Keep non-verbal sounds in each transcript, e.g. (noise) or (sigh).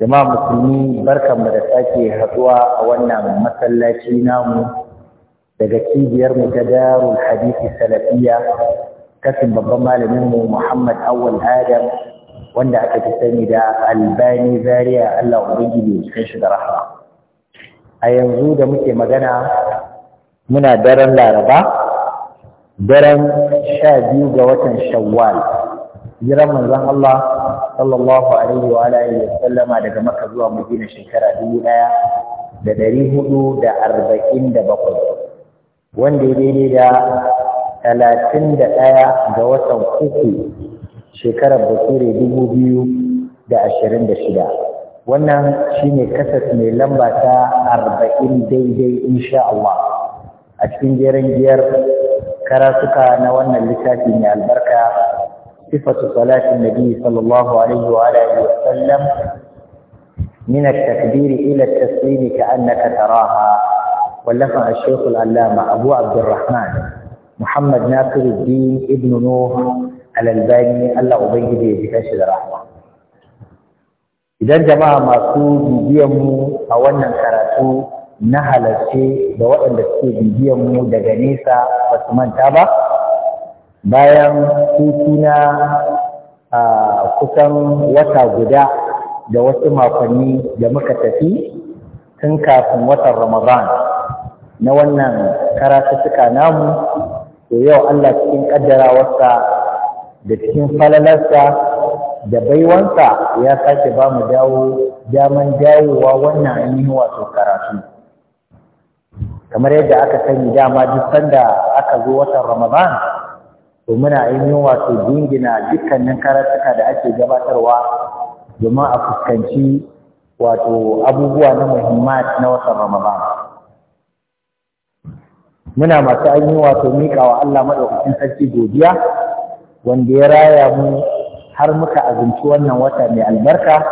jama'a musulmi barkanmu da sake haɗuwa a wannan masallaci namu daga cibiyar mu ta darul hadisi salafiya kasin babban malamin mu Muhammad Awwal Adam wanda aka fi sani da Albani Zaria Allah ubangiji ya cikin shi da rahama a yanzu da muke magana muna daren Laraba daren sha biyu ga watan Shawwal hijiran manzon Allah sallallahu alaihi wa alihi wa sallama daga Makka zuwa Madina shekara 1447 wanda ya daidai da talatin da ɗaya ga watan uku shekarar bature dubu biyu da ashirin da shida wannan shine kasas mai lamba ta arba'in daidai insha Allah a cikin jerin giyar karatuka na wannan littafi mai albarka صفة صلاة النبي صلى الله عليه وعلى آله وسلم من التكبير إلى التسليم كأنك تراها ولفها الشيخ العلامة أبو عبد الرحمن محمد ناصر الدين ابن نوح الألباني الله أبيده بكشف الرحمة idan jama'a masu bibiyan mu a wannan karatu na halarce da waɗanda suke bibiyan daga nesa ba su manta ba bayan titina na kusan wata guda da wasu makonni da muka tafi tun kafin watan ramadan na wannan suka namu to yau Allah cikin wasa da cikin falalarsa da baiwansa ya sake ba mu dawo daman dawowa wannan ainihin wato karatu kamar yadda aka sani dama duk sanda aka zo watan ramadan to muna ainihin wato jingina dukkanin karatuka da ake gabatarwa domin a fuskanci wato abubuwa na muhimmat na watan ramadan muna masu ainihin wato miƙa wa Allah maɗaukakin sarki godiya wanda ya raya mu har muka azumci wannan wata mai albarka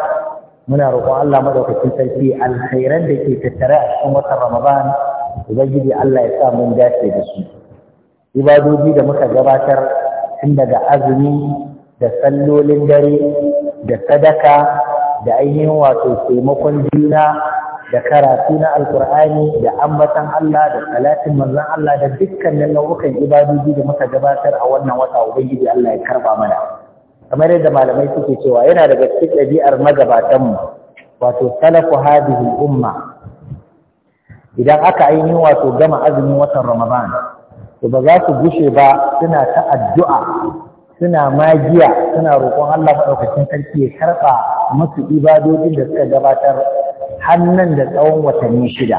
muna roƙon Allah maɗaukakin sarki alkhairan da ke tattare a cikin watan ramadan ubangiji Allah ya sa mun dace da su ibadoji da muka gabatar tun daga azumi da sallolin dare da sadaka da ainihin wato taimakon juna da karatu na alkur'ani da ambatan Allah da salatin manzan Allah da dukkanin nau'ukan ibadoji da muka gabatar a wannan wata ubangiji Allah ya karba mana kamar yadda malamai suke cewa yana daga cikin ɗabi'ar magabatanmu wato salafu hadihi umma idan aka ainihin wato gama azumin watan ramadan to ba za su gushe ba suna ta addu'a suna magiya suna roƙon Allah maɗaukacin sarki ya karɓa masu ibadodin da suka gabatar hannan da tsawon watanni shida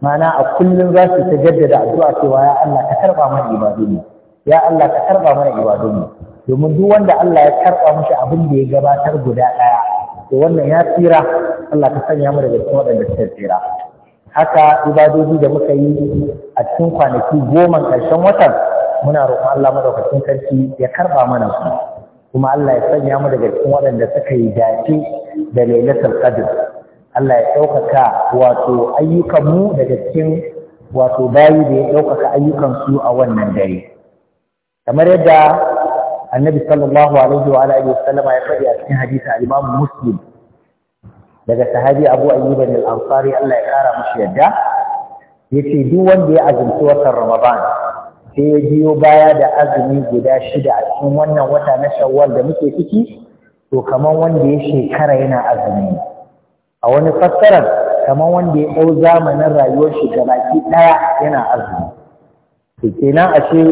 mana a kullum za su ta jaddada addu'a cewa ya Allah ka karɓa mana ibadodin ya Allah ka karɓa mana ibadodin domin duk wanda Allah ya karɓa mashi abin da ya gabatar guda ɗaya to wannan ya tsira Allah ka sanya mu daga cikin waɗanda suka tsira haka ibadodi da muka yi a cikin kwanaki goma ƙarshen watan muna roƙon Allah madaukakin sarki ya karba mana su kuma Allah ya sanya mu daga cikin waɗanda suka yi dace da lailatul qadr Allah ya ɗaukaka wato ayyukan mu daga cikin wato bayi da ya ɗaukaka ayyukan su a wannan dare kamar yadda annabi sallallahu alaihi wa alihi ya faɗi a cikin hadisi al-Imam Muslim daga sahabi Abu Ayyub al-Ansari Allah ya kara mashi yadda ce duk wanda ya azumci watan Ramadan sai ya biyo baya da azumi guda shida a cikin wannan wata na shawar da muke ciki to kaman wanda ya shekara yana azumi a wani fassarar kaman wanda ya dau zamanin rayuwar shi baki ɗaya yana azumi to kenan ashe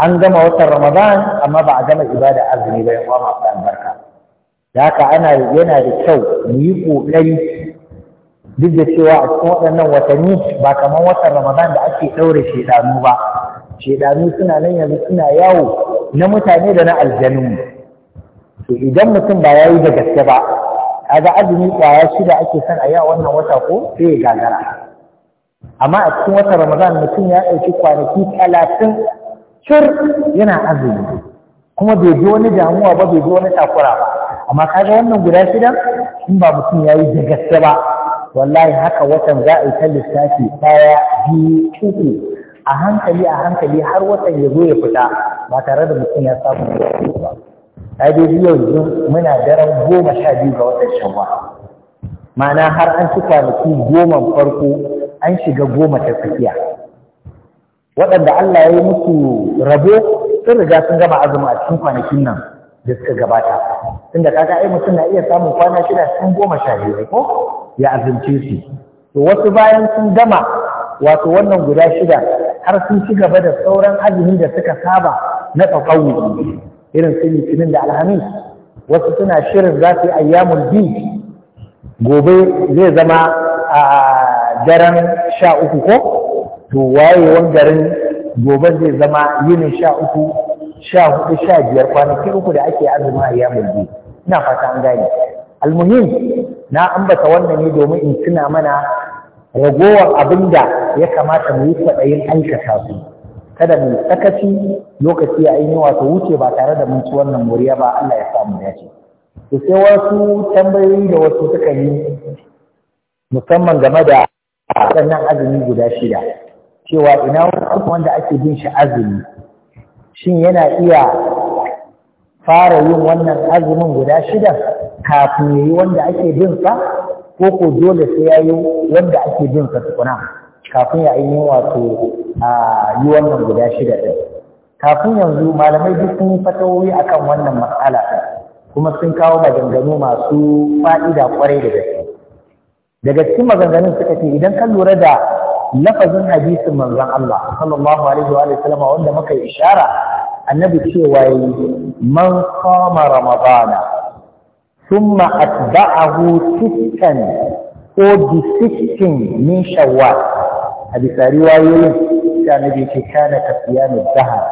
an gama watan Ramadan amma ba a gama ibada azumi ba ya kwama albarka haka ana yana da kyau mu yi ƙoƙari duk da cewa a cikin waɗannan watanni ba kamar watan ramadan da ake ɗaure shaidanu ba Shaidanu suna nan yanzu suna yawo na mutane da na aljanu to idan mutum ba ya yi da gaske ba a ga azumi kwaya shida ake son a yi a wannan wata ko sai ya gagara amma a cikin watan ramadan mutum ya ɗauki kwanaki talatin cur yana azumi kuma bai ji wani damuwa ba bai ji wani takura ba amma kaga wannan guda shidan in ba mutum ya yi da gaske ba wallahi haka watan za a yi ta lissafi ɗaya biyu uku a hankali a hankali har watan ya zo ya fita ba tare da mutum ya samu ba ai dai yanzu muna daren goma sha biyu ga watan shawwal ma'ana har an ci kwanaki goma farko an shiga goma ta tsakiya waɗanda Allah ya yi musu rabo sun riga sun gama azumi a cikin kwanakin nan da suka gabata tunda kaga ai mutum na iya samun kwana shida cikin goma sha biyu ko ya azumce su to wasu bayan sun gama wato wannan guda shida har sun ci gaba da sauran azumin da suka saba na tsakawu irin su litinin da alhamis wasu suna shirin za su yi ayyamun bi gobe zai zama a daren sha uku ko to wayewan garin gobe zai zama yinin sha uku sha hudu sha biyar kwanaki uku da ake azumi a yamun biyu ina fata an gane almuhim na ambata wannan ne domin in tuna mana ragowar abin da ya kamata mu yi kwaɗayin aikata su kada mu sakaci lokaci ya yi wato wuce ba tare da mun ci wannan moriya ba Allah ya samu dace to sai wasu tambayoyi da wasu suka yi musamman game da sannan azumi guda shida cewa ina wanda ake bin shi azumi shin yana iya fara yin wannan azumin guda shida kafin yi wanda ake bin sa ko ko dole sai ya yi wanda ake bin sa tukuna kafin ya yi wato a yi wannan guda shida ɗin kafin yanzu malamai duk sun yi a akan wannan matsala kuma sun kawo maganganu masu fa'ida kwarai da gaske daga cikin maganganun suka ce idan kan lura da lafazin hadisin manzon Allah sallallahu alaihi wa sallama wanda muka yi ishara annabi cewa yi man sama ramadana thumma atba'ahu sittan ko bi sittin min shawwal a bisa riwayoyin sai annabi ce kana kasiyamu dahar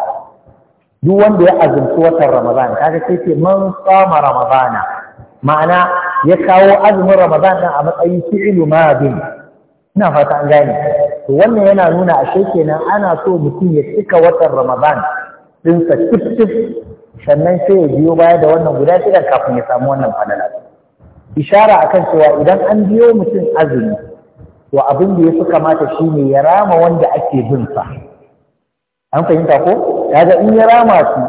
duk wanda ya azumci watan ramadan kaga sai ce man sama ramadana ma'ana ya kawo azumin ramadan din a matsayin fi'lu madin ina fata an gane to wannan yana nuna ashe kenan ana so mutum ya cika watan ramadan dinsa tif tif sannan sai ya biyo baya da wannan guda shida kafin ya samu wannan falala ishara akan cewa idan an biyo mutum azumi to abin da ya fi kamata ne ya rama wanda ake bin sa an fahimta ko ga in ya rama su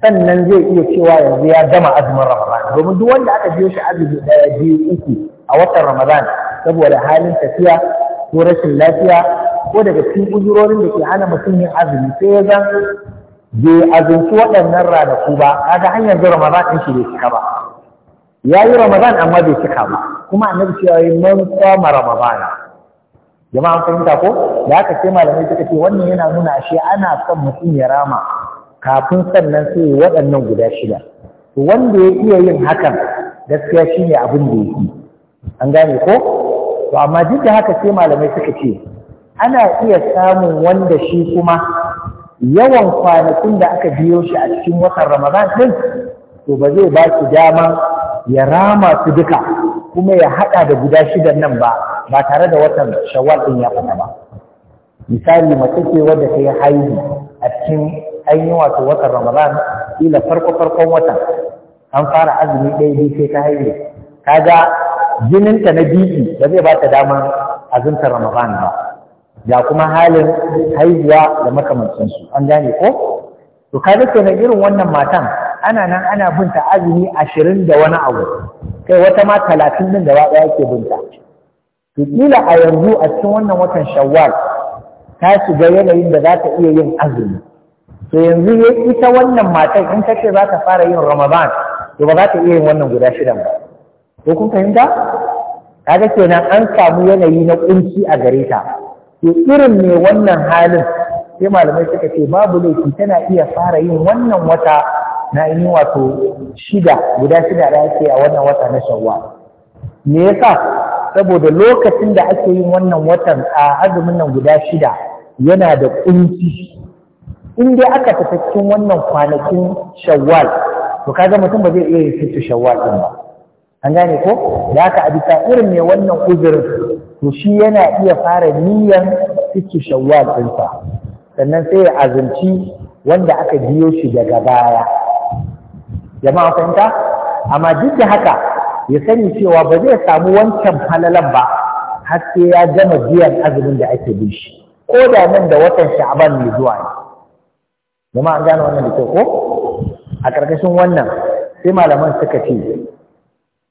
sannan zai iya cewa yanzu ya gama azumin ramadan domin duk wanda aka biyo shi azumi daya biyu uku a watan ramadan saboda halin tafiya ko rashin lafiya ko daga cikin ujurorin da ke hana mutum yin azumi sai ya zan bai azumci waɗannan ranaku ba kaga hanyar da ramadan ɗin shi bai cika ba ya yi ramadan amma bai cika ba kuma annabi cewa yi man kama ramadana Jama'an fahimta ko da haka sai malamai suka ce wannan yana nuna ashe ana son mutum ya rama kafin sannan sai waɗannan guda shida wanda ya iya yin hakan gaskiya shine abin da yake an gane ko to amma duk da haka sai malamai suka ce ana iya samun wanda shi kuma yawan kwanakin da aka biyo shi a cikin watan ramadan din to ba zai ba shi dama ya rama su duka kuma ya haɗa da guda shidan nan ba ba tare da watan shawwal din ya fata ba misali mace ce wanda ta yi haihu a cikin ainihin wato watan ramadan kila farko farkon watan an fara azumi ɗaya biyu sai ta haihu kaga jininta na biki ba zai ba ta damar azumtar Ramadan ba ga kuma halin haihuwa da makamancinsu an gane ko to kaga kenan irin wannan matan ana nan ana binta azumi ashirin da wani abu kai wata ma talatin din da ɗaya ke binta to kila a yanzu a cikin wannan watan shawwal ta shiga yanayin da za ta iya yin azumi to yanzu ita wannan matan in ta ce za ta fara yin ramadan to ba za ta iya yin wannan guda shidan ba ko kun fahimta kaga kenan an samu yanayi na kunci a gare ta to irin ne wannan halin sai malamai suka ce babu laifi tana iya fara yin wannan wata na yin wato shida guda shida da ake a wannan wata na shawwa me yasa saboda lokacin da ake yin wannan watan a azumin nan guda shida yana da kunci in dai aka fita cikin wannan kwanakin shawwal to kaga mutum ba zai iya yin sittu shawwal din ba an gane ko da aka a bisa irin mai wannan uzurin to shi yana iya fara niyyar cikin shawwal ɗinsa sannan sai ya azumci wanda aka biyo shi daga baya jama'a fahimta amma duk da haka ya sani cewa ba zai samu wancan halalan ba har sai ya gama biyan azumin da ake bi shi ko da nan da watan sha'aban mai zuwa ne jama'a an gane wannan da kyau ko a ƙarƙashin wannan sai malaman suka ce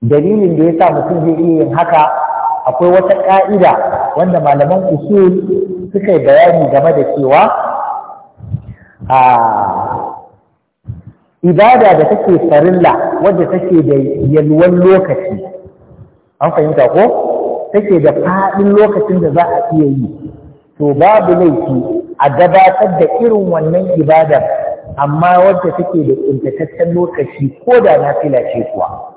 dalilin da ya sa mutum zai iya yin haka akwai wata ƙa'ida wanda malaman usul suka yi bayani game da cewa a ibada da take farilla wadda take da yalwan lokaci an fahimta ko take da faɗin lokacin da za a iya yi to babu laifi a gabatar da irin wannan ibadar amma wadda take da ƙuntataccen lokaci ko da na filace kuwa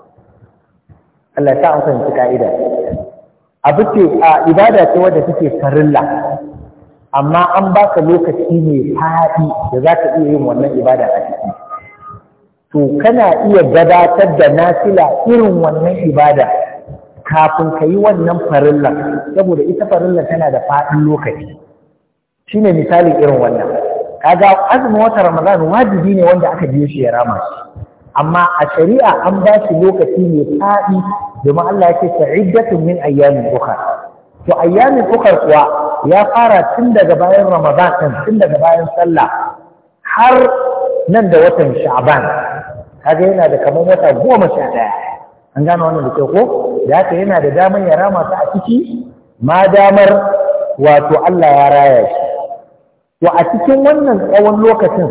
Allah ta amfani ka'ida abu a ibada ce wadda take farilla amma an baka lokaci mai faɗi da za ka iya yin wannan ibada a ciki to kana iya gabatar da nafila irin wannan ibada kafin ka yi wannan farilla saboda ita farilla tana da faɗin lokaci shine misalin irin wannan kaga azumin wata ramadan wajibi ne wanda aka biyo shi ya rama shi amma a shari'a an ba shi lokaci mai faɗi domin Allah ya ce ta'iddatun min ayyamin ukhra to ayyamin ukhra kuwa ya fara tun daga bayan Ramadan tun daga bayan sallah har nan da watan Sha'ban kaga yana da kamar wata goma sha ɗaya an gane wannan da ke ko da haka yana da damar ya rama ta a ciki ma damar wato Allah ya raya shi to a cikin wannan tsawon lokacin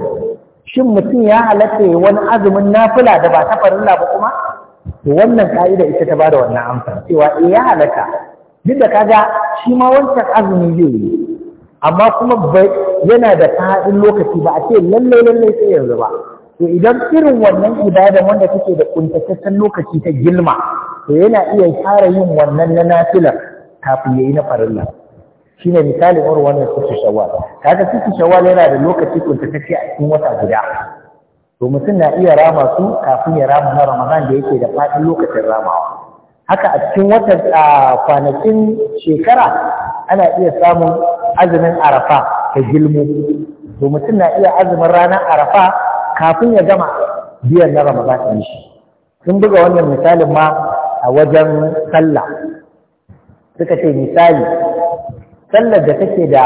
shin mutum ya halatta ya wani azumin nafila da ba ta farilla ba kuma to wannan ka'ida ita ta bada wannan amsa cewa eh ya halatta duk da kaga shi ma wancan azumi zai yi amma kuma yana da fa'in lokaci ba a ce lalle lalle sai yanzu ba to idan irin wannan ibadan wanda take da kuntataccen lokaci ta gilma to yana iya fara yin wannan na nafila kafin yayi na farilla Shi shine misalin irin wannan shawar. shawwal kaga sufi shawwal yana da lokaci kuntatacce a cikin wata guda to mutum na iya rama su kafin ya rama na ramadan da yake da faɗin lokacin ramawa haka a cikin wata kwanakin shekara ana iya samun azumin arafa ta gilmu to mutum na iya azumin ranar arafa kafin ya gama biyan na ramadan ɗin shi sun buga wannan misalin ma a wajen sallah suka ce misali sallar da take da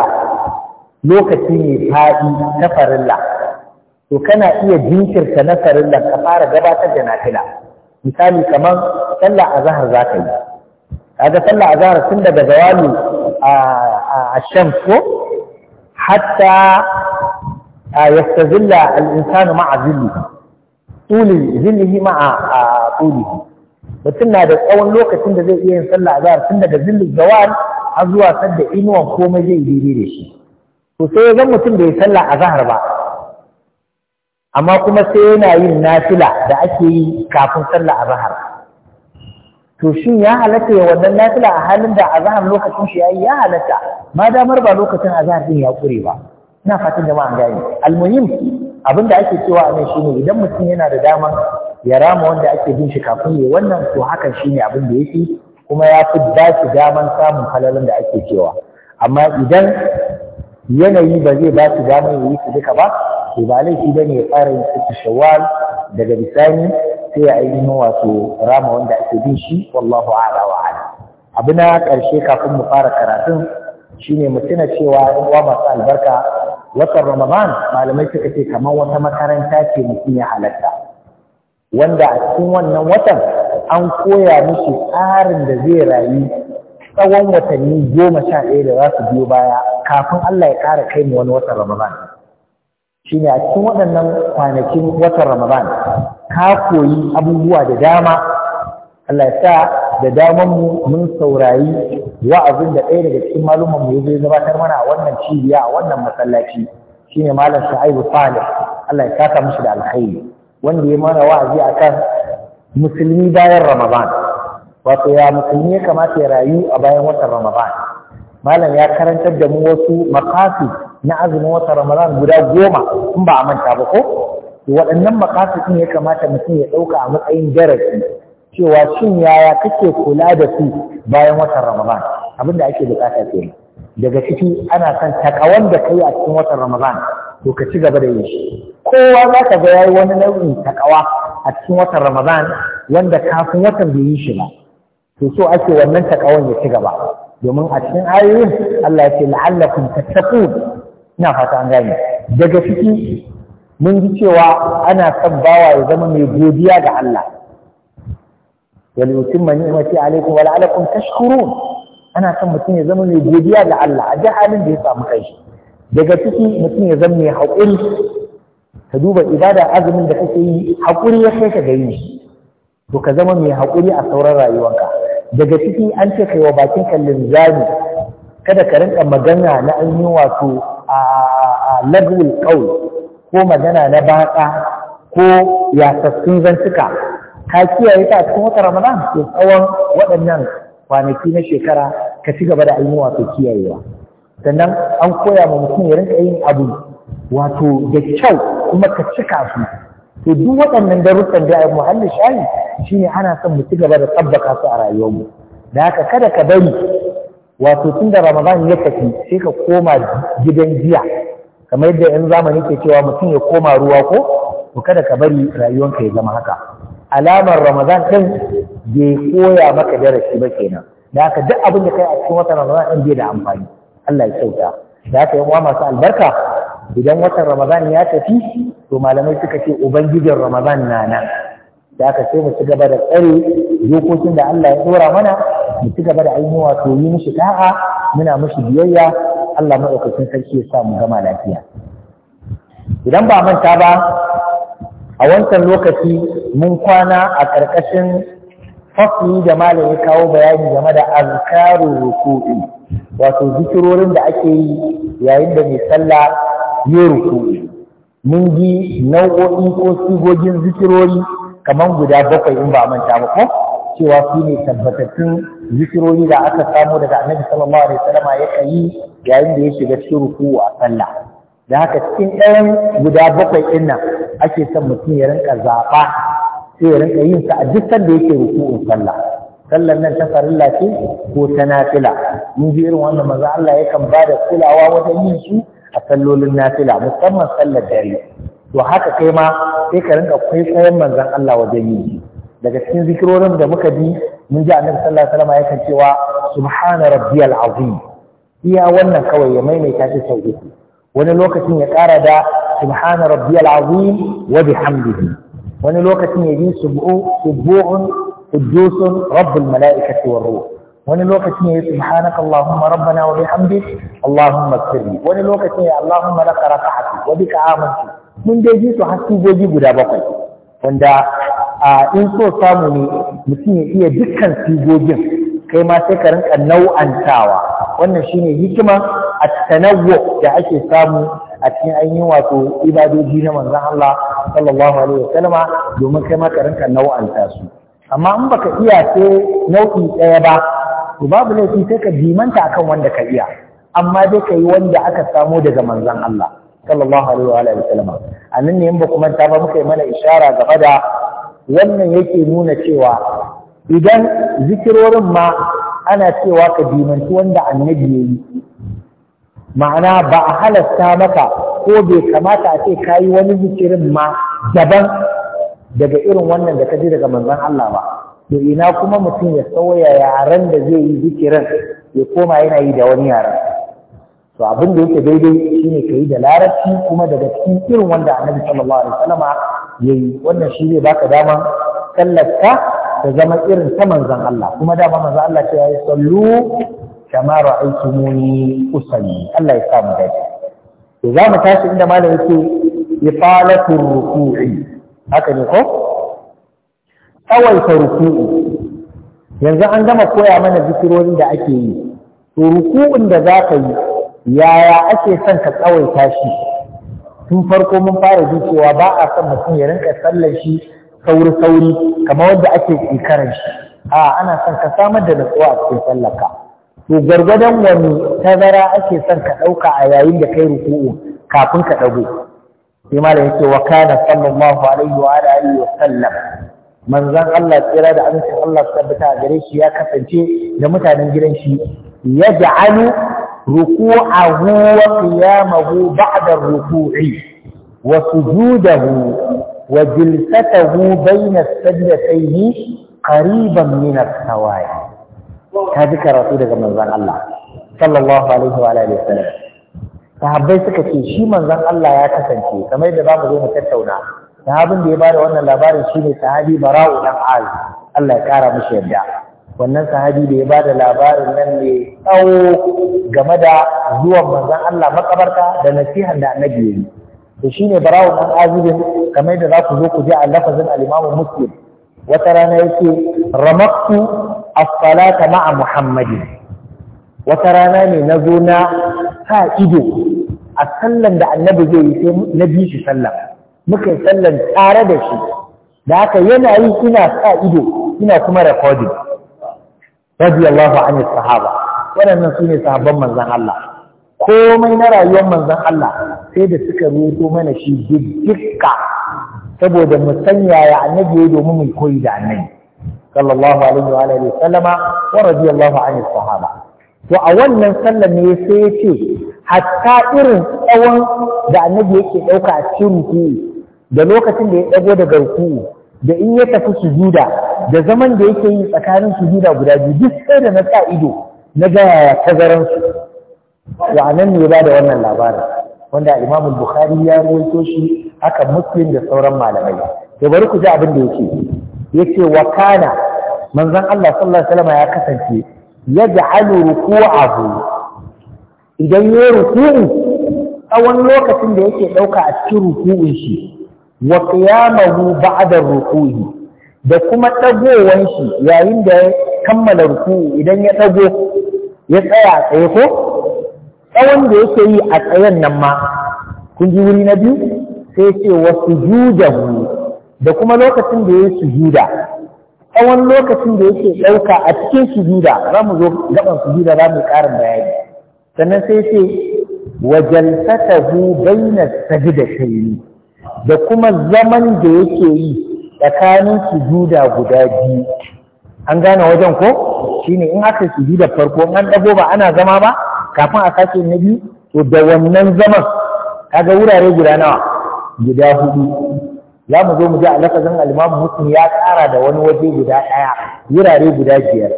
lokaci mai faɗi na farilla to kana iya jinkirta na farilla ka fara gabatar da nafila misali kamar sallar azahar za ka yi kaga sallar azahar tun daga zawalu a shan ko hatta yastazilla al-insanu ma'a zillihi tuli zillihi ma'a tulihi mutum na da tsawon lokacin da zai iya yin sallah azhar tun daga zillin zawal har zuwa sanda inuwan komai zai daidai da shi to sai ya zan mutum bai sallah a zahar ba amma kuma sai yana yin nafila da ake yi kafin sallah a zahar to shin ya halatta ya wannan nafila a halin da a zahar lokacin shi yi ya halatta ma damar ba lokacin a zahar din ya kure ba ina fatan jama'a gani almuhim abin da ake cewa a nan shine idan mutum yana da damar ya rama wanda ake bin shi kafin ya wannan to hakan shine abin da yake kuma ya fi ba su daman samun halalin da ake cewa amma idan yanayi ba zai ba su damar yi su duka ba to ba laifi ne ya fara yin su shawwal daga bisani sai ya ainihin wato rama wanda ake bin shi wallahu a'la wa a'la abu na karshe kafin mu fara karatun shine mu tuna cewa uwa masu albarka watan ramadan malamai suka ce kamar wata makaranta ce mutum ya halatta wanda a cikin wannan watan an koya miki tsarin da zai rayu tsawon watanni goma sha ɗaya da za su biyo baya kafin Allah ya ƙara kai mu wani watan Ramadan shi ne a cikin waɗannan kwanakin watan Ramadan ka koyi abubuwa da dama Allah ya sa da daman mu mun saurayi wa'azin da ɗaya daga cikin malumman mu zo ya gabatar mana a wannan cibiya a wannan masallaci Shi ne malam Shu'aibu Salih Allah ya saka mishi da alkhairi wanda ya mana wa'azi akan musulmi bayan ramadan wato ya musulmi ya kamata ya rayu a bayan watan ramadan malam ya karantar da mu wasu makafi na azumin watan ramadan guda goma in ba a manta ba ko waɗannan makafi ɗin ya kamata mutum ya ɗauka a matsayin darasi cewa shin yaya kake kula da su bayan watan ramadan abinda ake bukata kenan daga ciki ana son takawan da kai a cikin watan ramadan to ka ci gaba da yi shi kowa za ka ga yayi wani nau'in takawa a cikin watan Ramadan wanda kafin watan bai yi shi ba to so ake wannan takawan ya ci gaba domin a cikin ayoyin Allah ya ce la'allakum tattaqun ina fata an gane daga ciki mun ji cewa ana son bawa ya zama mai godiya ga Allah wal yutimma ni'mati alaykum wa la'allakum tashkurun ana son mutum ya zama mai godiya ga Allah a duk halin da ya samu kai daga ciki mutum ya zama mai haƙuri ka duba ibada azumin da kake yi haƙuri ya kai ka gani, to ka zama mai haƙuri a sauran rayuwarka daga ciki an ce kai wa bakin kallon zani kada ka rinka magana na an yi wato a lagwul kawai ko magana na Baƙa, ko yasassun zantuka ka kiyaye ta a cikin wata ramadan ke tsawon waɗannan kwanaki na shekara ka ci gaba da ainihin wato kiyayewa sannan an koya ma mutum ya rinka yin abu wato da kyau kuma ka cika su to duk waɗannan darussan da ai muhallin shayi shine ana son mu ci gaba da tabbaka su a rayuwarmu da haka kada ka bari wato tun da ramadan ya tafi sai ka koma gidan jiya kamar yadda yan zamani ke cewa mutum ya koma ruwa ko to kada ka bari rayuwarka ya zama haka alamar ramadan din bai koya maka darasi ba kenan da haka duk abin da kai a cikin watan ramadan din bai da amfani Allah ya kyauta da haka yi wa masu albarka idan watan Ramadan ya tafi to malamai suka ce ubangijin Ramadan na nan da aka sai mu ci gaba da tsare dokokin da Allah ya dora mana mu ci gaba da ainihin wato yi mishi da'a muna mishi biyayya Allah maɗaukakin sarki ya sa mu gama lafiya idan ba manta ba a wancan lokaci mun kwana a ƙarƙashin fasli da malam ya kawo bayani game da azkarun ruku'i wato zikirorin da ake yi yayin da mai sallah ya ruku'i mun ji nau'o'i ko sigogin zikirori kamar guda bakwai in ba manta ba ko cewa su ne tabbatattun zikirori da aka samu daga annabi sallallahu alaihi wasallam ya yi yayin da ya shiga cikin ruku'u a sallah da haka cikin ɗayan guda bakwai ɗin nan ake son mutum ya rinka zaɓa sai ya rinka yin sa a duk sanda yake ruku'un sallah sallar nan ta farilla ce ko ta nafila mun ji irin wannan manzo Allah yakan ba da kulawa wajen yin su a sallolin nafila musamman sallar dare to haka kai ma sai ka rinka kwaikwayon manzon Allah wajen yin daga cikin zikirorin da muka bi mun ji annabi sallallahu alaihi wasallam yakan cewa subhana rabbiyal azim iya wannan kawai ya maimaita shi sau uku wani lokacin ya ƙara da subhana rabbiyal azim wa bihamdihi wani lokacin ya yi ji subu'un qudusun rabbul mala'ikati war ruh wani lokacin ya yi subhanaka allahumma rabbana wa bihamdik allahumma sirri wani lokacin ya allahumma laka raka'atu wa bika amantu mun dai ji su hasiboji guda bakwai wanda a in so samu ne mutum ya iya dukkan sigogin kai ma sai ka rinka nau'antawa wannan shine hikima a tanawwu da ake samu a cikin ainihin wato ibadoji na manzon Allah sallallahu alaihi domin kai ma rinka nau'anta su amma in baka iya sai nau'i ɗaya ba to babu laifi sai ka jimanta akan wanda ka iya amma dai ka yi wanda aka samo daga manzon Allah sallallahu alaihi wa sallama a nan ne in ba kuma ta ba muka yi mana ishara game da wannan yake nuna cewa idan zikirorin ma ana cewa ka dimanci wanda annabi ya yi ma'ana ba a halasta maka ko bai kamata a ce ka yi wani zikirin ma daban daga irin wannan da ka ji daga manzon Allah ba to ina kuma mutum ya sauya yaran da zai yi zikirin ya koma yana yi da wani yaran? to abin da yake daidai shine ka yi da larabci kuma daga cikin irin wanda annabi sallallahu alaihi wasallama ya wannan shi ne baka daman sallarka ta zama irin ta manzon Allah kuma dama manzon Allah ce ya yi sallu kama ra'aytumuni usalli Allah ya sa mu dace to za mu tashi inda malam yake ifalatu ruku'i haka ne ko tsawaita ruku'i yanzu an gama koya mana zikirorin da ake yi to da za ka yi yaya ake son ka tsawaita shi tun farko mun fara ji cewa ba a son mutum ya rinka sallar shi sauri sauri kamar wanda ake tsikarar shi a ana son ka samar da natsuwa a cikin sallar to gwargwadon wani tazara ake son ka ɗauka a yayin da kai ruku'u kafin ka ɗago sai malam yake wa kana sallallahu alaihi wa alihi wa sallam manzon Allah tsira da amincin Allah su tabbata gare shi ya kasance da mutanen gidan shi yaj'alu ruku'ahu wa qiyamahu ba'da ruku'i wa sujudahu wa jilsatahu bayna sajdatayn qariban min as-sawa'i ta ji karatu daga manzon Allah sallallahu alaihi wa alihi wasallam sahabbai suka ce shi manzon Allah ya kasance kamar da zamu zo mu tattauna sahabin da ya bada wannan labarin shine sahabi Bara'u dan Az Allah ya kara mishi yadda wannan sahabi da ya bada labarin nan ne tsawo game da zuwan manzan Allah makabarta da nasihan da annabi ya yi to shine Bara'u dan Azibin kamar da za ku zo ku ji a lafazin al-Imam Muslim wata rana yake ramaktu as-salata ma'a muhammadin wata rana ne na zo na sa ido a sallan da annabi zai yi sai na bi shi sallan muka yi sallan tare da shi da aka yana yi ina sa ido ina kuma recording radiyallahu anhu sahaba waɗannan su ne sahabban manzon Allah komai na rayuwar manzon Allah sai da suka rubuto mana shi dukka saboda mu yaya annabi ya domin mu koyi da annabi sallallahu alaihi wa alihi wa radiyallahu anhu sahaba to a wannan sallar ne sai ya ce hatta irin tsawon da annabi yake ɗauka a cin ruku'u da lokacin da ya dago daga ruku'u da in ya tafi sujuda da zaman da yake yi tsakanin sujuda guda biyu duk sai da na sa ido na ga yaya tazaran su to a nan ne ya ba da wannan labarin wanda Imam Bukhari ya ruwaito shi haka Muslim da sauran malamai to bari ku ji abin da ya yake yace wa kana manzon Allah sallallahu alaihi wasallam ya kasance yaj'alu ruku'ahu idan ya ruku'u tsawon lokacin da yake dauka a cikin ruku'un shi wa qiyamahu ba'da ruku'i da kuma dagowan shi yayin da ya kammala ruku'u idan ya dago ya tsaya tsaye ko tsawon da yake yi a tsayen nan ma kun ji wuri na biyu sai ce wasu jujahu da kuma lokacin da ya sujuda tsawon lokacin da yake ɗauka a cikin sujuda za mu zo gaban sujuda za mu ƙarin bayani sannan sai ce wa jalsatahu baina sajdatayn da kuma zaman da yake yi tsakanin sujuda guda biyu an gane wajen ko shine in aka sujuda farko an dago ba ana zama ba kafin a sake na biyu to da wannan zaman kaga wurare guda nawa guda hudu za mu zo mu je a lafazin alimamu mutum ya ƙara da wani waje guda ɗaya wurare guda biyar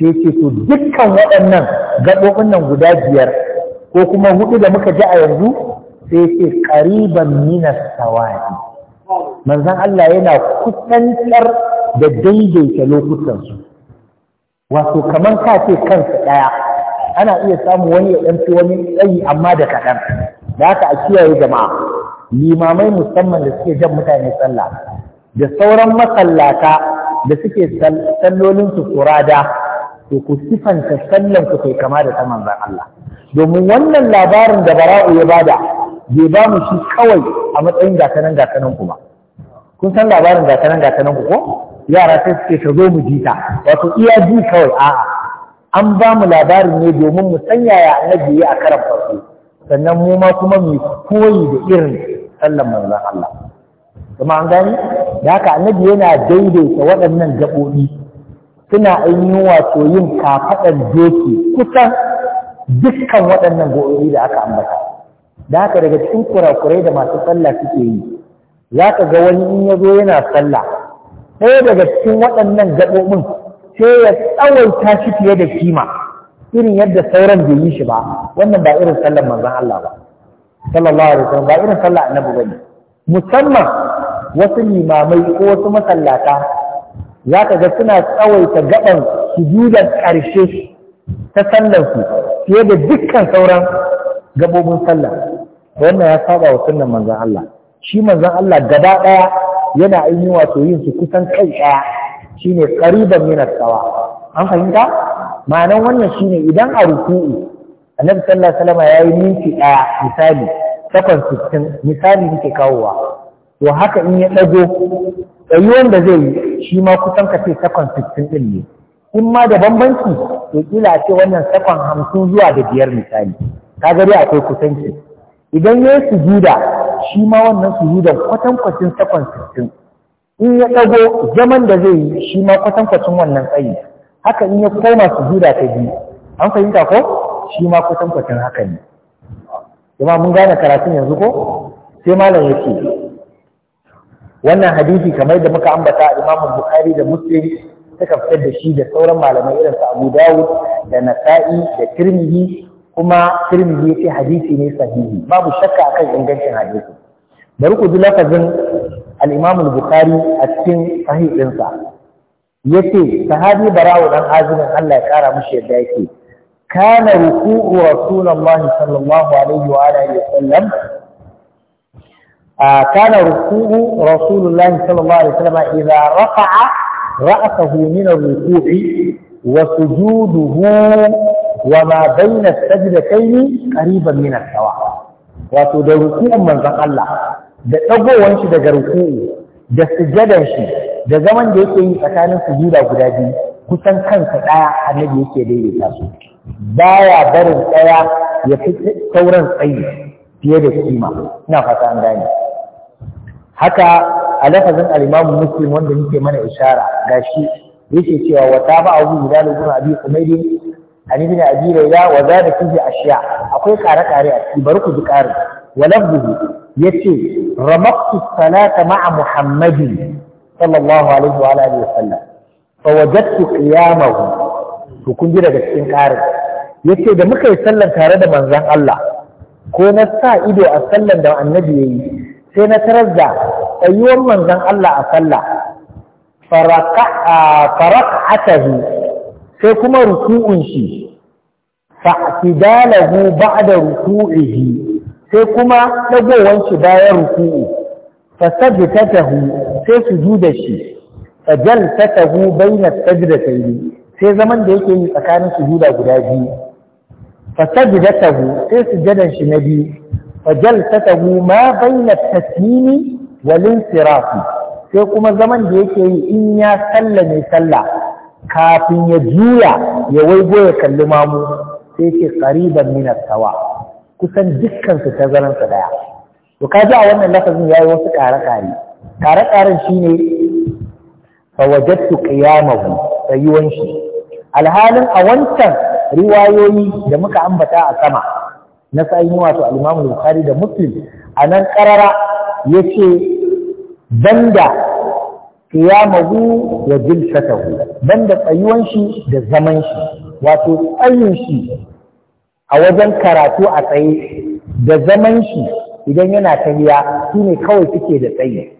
sai ce to dukkan waɗannan gaɓoɓin nan guda biyar ko kuma hudu da muka ji a yanzu sai ce ƙariban minas sawadi manzan Allah yana kusantar da daidaita lokutansu wato kamar ka ce kansa ɗaya ana iya samun wani ya ɗanci wani tsayi amma da kaɗan da haka a kiyaye jama'a limamai musamman da suke jan mutane sallah da sauran masallata da suke sallolin su surada to ku sifanta sallan ku kai kama da saman manzon Allah domin wannan labarin da bara'u ya bada bai ba mu shi kawai a matsayin gatanan gatanan ku ba kun san labarin gatanan gatanan ku ko yara sai suke ta zo mu jita wato iya ji kawai a'a an ba mu labarin ne domin mu san yaya annabi ya a karan farko sannan mu ma kuma mu koyi da irin sallan manzon Allah kuma an gani da haka annabi yana daidaita waɗannan gaɓoɓi suna ainihin wato yin kafaɗar doki kusan dukkan waɗannan gaɓoɓi da aka ambata da haka daga cikin kurakurai da masu sallah suke yi za ka ga wani in ya zo yana sallah ɗaya daga cikin waɗannan gaɓoɓin sai ya tsawaita shi fiye da kima irin yadda sauran bai yi shi ba wannan ba irin sallar manzan Allah ba sallallahu alaihi wasallam ba irin sallar annabi bane musamman wasu limamai ko wasu masallata za ka ga suna tsawaita gaban sujudan ƙarshe ta sallar su fiye da dukkan sauran gabobin sallah wannan ya saba wa sunnan manzon Allah shi manzan Allah gaba ɗaya yana ainihin wato yin su kusan kai ɗaya, shine qariban min as an fahimta ma'anan wannan shine idan a ruku'u annabi sallallahu alaihi wasallam yayi minti ɗaya misali takwas sittin misali nake kawowa to haka in ya ɗago tsayuwan da zai yi shi ma kusan ka ce takwas sittin ɗin ne in ma da bambanci to kila a ce wannan takwas hamsin zuwa da biyar misali ka gari akwai kusanci idan ya yi sujuda shi ma wannan kwatan kwatankwacin takwas sittin in ya ɗago zaman da zai yi shi ma kwatankwacin wannan tsayi haka in ya koma juda ta biyu an fahimta ko shi ma kusan kwatan haka ne kuma mun gane karatun yanzu ko sai malam ya ce wannan hadisi kamar da muka ambata imamu Bukhari da Muslim suka fitar da shi da sauran malamai irin su Abu Dawud da Nasa'i da Tirmidhi kuma Tirmidhi yace hadisi ne sahihi babu shakka akan ingancin hadisi bari ku ji lafazin al-Imam al-Bukhari a cikin sahih ɗinsa yace sahabi barawo dan azumin Allah ya kara mushi yadda yake kana ruku'u rasulullah sallallahu alaihi wa alihi sallam. a ah, kana ruku'u rasulullah sallallahu alaihi wasallam idza rafa'a ra'sahu min ar-ruku'i wa sujuduhu wa ma bayna as-sajdatayn qariban min as-sawa wato da ruku'un manzon Allah da dagowan shi daga ruku'u da sujadan shi da zaman da yake yi tsakanin su sujuda guda biyu kusan kansa ɗaya annabi yake daidaita su baya barin ɗaya ya fi sauran tsayi fiye da kima ina fata an gane haka a lafazin alimamu Muslim wanda muke mana ishara ga shi yake cewa wa a bilal ibn abi umayr an ibn abi rayda wa zada a shiya akwai kare kare a ciki bari ku ji karin wa ya ce, ramaqtu salata ma'a muhammadin sallallahu alaihi wa alihi wasallam fa wajadtu qiyamahu to kun ji daga cikin ƙarin yace da muka yi sallar tare da manzon Allah ko na sa ido a sallar da annabi yayi sai na tarar da tsayuwar manzon Allah a sallah faraka'atahu sai kuma ruku'un shi fa'tidalahu ba'da ruku'ihi sai kuma dagowan shi bayan ruku'u fasajtatahu sai su da shi fajaltatahu baina sajdatayn sai zaman da yake yi tsakanin sujuda guda biyu fasajtatahu sai sujudan shi na biyu fajaltatahu ma baina taslimi wal insirafi sai kuma zaman da yake yi in ya sallame sallah kafin ya juya ya waigo ya kalli mamu sai ce qariban min as-sawa kusan dukkan su tazaran su daya to ka ji a wannan lafazin ya yi wasu ƙare-ƙare ƙare-ƙaren shi ne fawajattu ƙiyamahu tsayuwan shi alhalin a wancan riwayoyi da muka ambata a sama na sa'in wato al'imamu bukhari da muslim a nan ƙarara ya ce banda ƙiyamahu banda tsayuwan shi da zaman shi wato tsayin shi a wajen karatu a tsaye da zaman shi idan yana tahiya su ne kawai suke da tsayi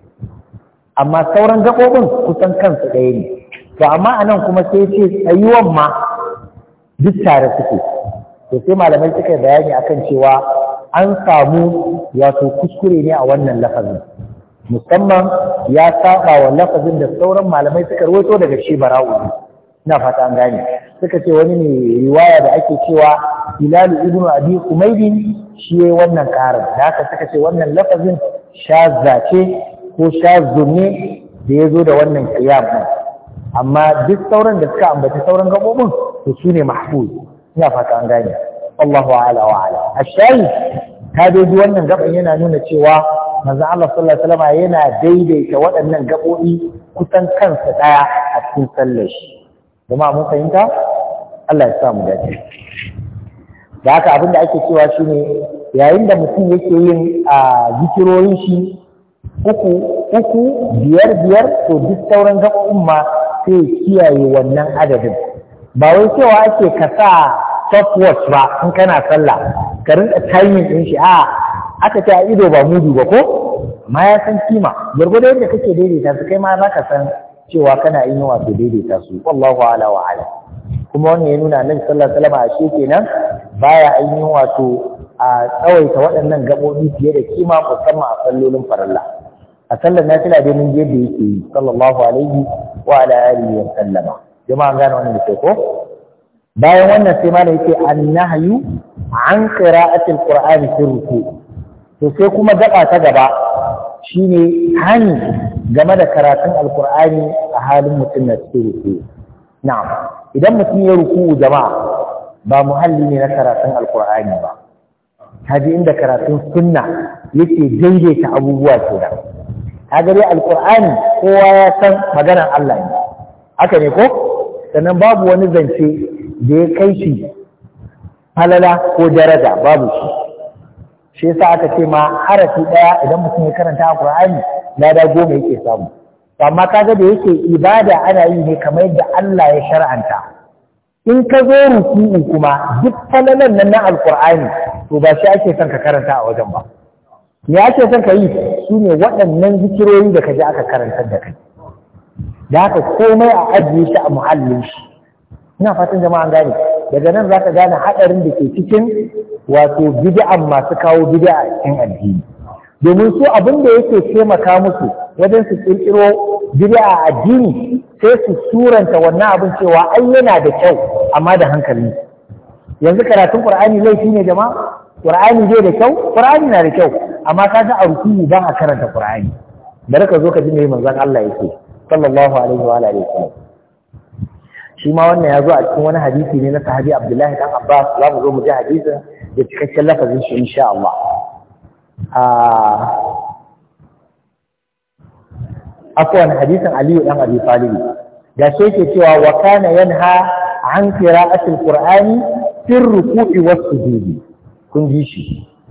amma sauran gaɓoɓin kusan kansu ɗaya ne to amma a nan kuma sai ce tsayuwan ma duk tare suke to sai malamai suka yi bayani kan cewa an samu wato kuskure ne a wannan lafazin musamman ya saba wa lafazin da sauran malamai suka rawaito daga shi bara'u ina fata an gane suka ce wani ne riwaya da ake cewa Bilal ibn Abi Umaydi shi yayi wannan karin da haka suka ce wannan lafazin shazza ce ko shazzume da ya zo da wannan qiyam amma duk sauran da suka ambaci sauran gabobin to su ne mahfuz ina fata an gane Allahu a'la wa a'la ashayi ta dai wannan gaban yana nuna cewa manzo Allah sallallahu alaihi wasallam yana daidaita waɗannan gabobi kusan kansa daya a cikin sallar shi kuma mun fahimta? Allah ya sa mu dace. Da haka abin da ake cewa shi ne yayin da mutum yake yin a zikirorin shi uku uku biyar biyar to duk sauran gaɓoɓin umma, sai kiyaye wannan adadin. Ba wai cewa ake ka sa stopwatch ba in kana sallah ka rinka timing ɗin shi a aka ce a ido ba mudu ba ko? Ma ya san kima gwargwado yadda kake daidaita su kai ma za ka san cewa kana yin wato daidaita su wallahu ala wa ala kuma wannan ya nuna annabi sallallahu alaihi wasallam ashe kenan baya ainihin wato a tsawaita waɗannan gabobi fiye da kima musamman a sallolin farilla a sallar nafila dai mun je da yake yi sallallahu alaihi wa ala alihi wa sallama jama'an gane wannan da ko bayan wannan sai ma da yake annahyu an qira'atil qur'ani fi ruku to sai kuma gaba ta gaba shine hani game da karatun alkur'ani a halin mutum na cikin ruku na'am idan mutum ya ruku jama'a ba muhalli ne na karatun alkur'ani ba kaji inda karatun sunna yake daidaita abubuwa kenan ta gari alkur'ani kowa ya san maganar Allah ne haka ne ko sannan babu wani zance da ya kai shi falala ko daraja babu shi shi yasa aka ce ma harafi daya idan mutum ya karanta alkur'ani lada goma yake samu amma kaga da yake ibada ana yi ne kamar yadda Allah ya shar'anta in ka zo ruku'u kuma duk falalan nan na alqur'ani to ba shi ake son ka karanta a wajen ba me ake son ka yi shine waɗannan zikirori da ka ji aka karantar da kai da haka komai a ajiye shi a muhallin shi ina fatan jama'a gane daga nan za ka gane haɗarin da ke cikin wato bid'a masu kawo bid'a cikin addini domin su abin da yake taimaka musu wajen su kirkiro a addini sai su turanta wannan abin cewa ai yana da kyau amma da hankali yanzu karatun qur'ani laifi ne jama'a qur'ani zai da kyau qur'ani na da kyau amma ka ga a ba a karanta qur'ani bari ka zo ka ji me manzon Allah yake sallallahu alaihi wa alihi shi ma wannan ya zo a cikin wani hadisi ne na sahabi Abdullahi dan Abbas za mu zo mu ji hadisin da cikakken lafazin shi insha Allah a afuwan hadisin aliyu ɗan abi Talib da shi yake cewa wa kana yanha an qira'atil qur'ani fi ruku'i was sujudi kun ji shi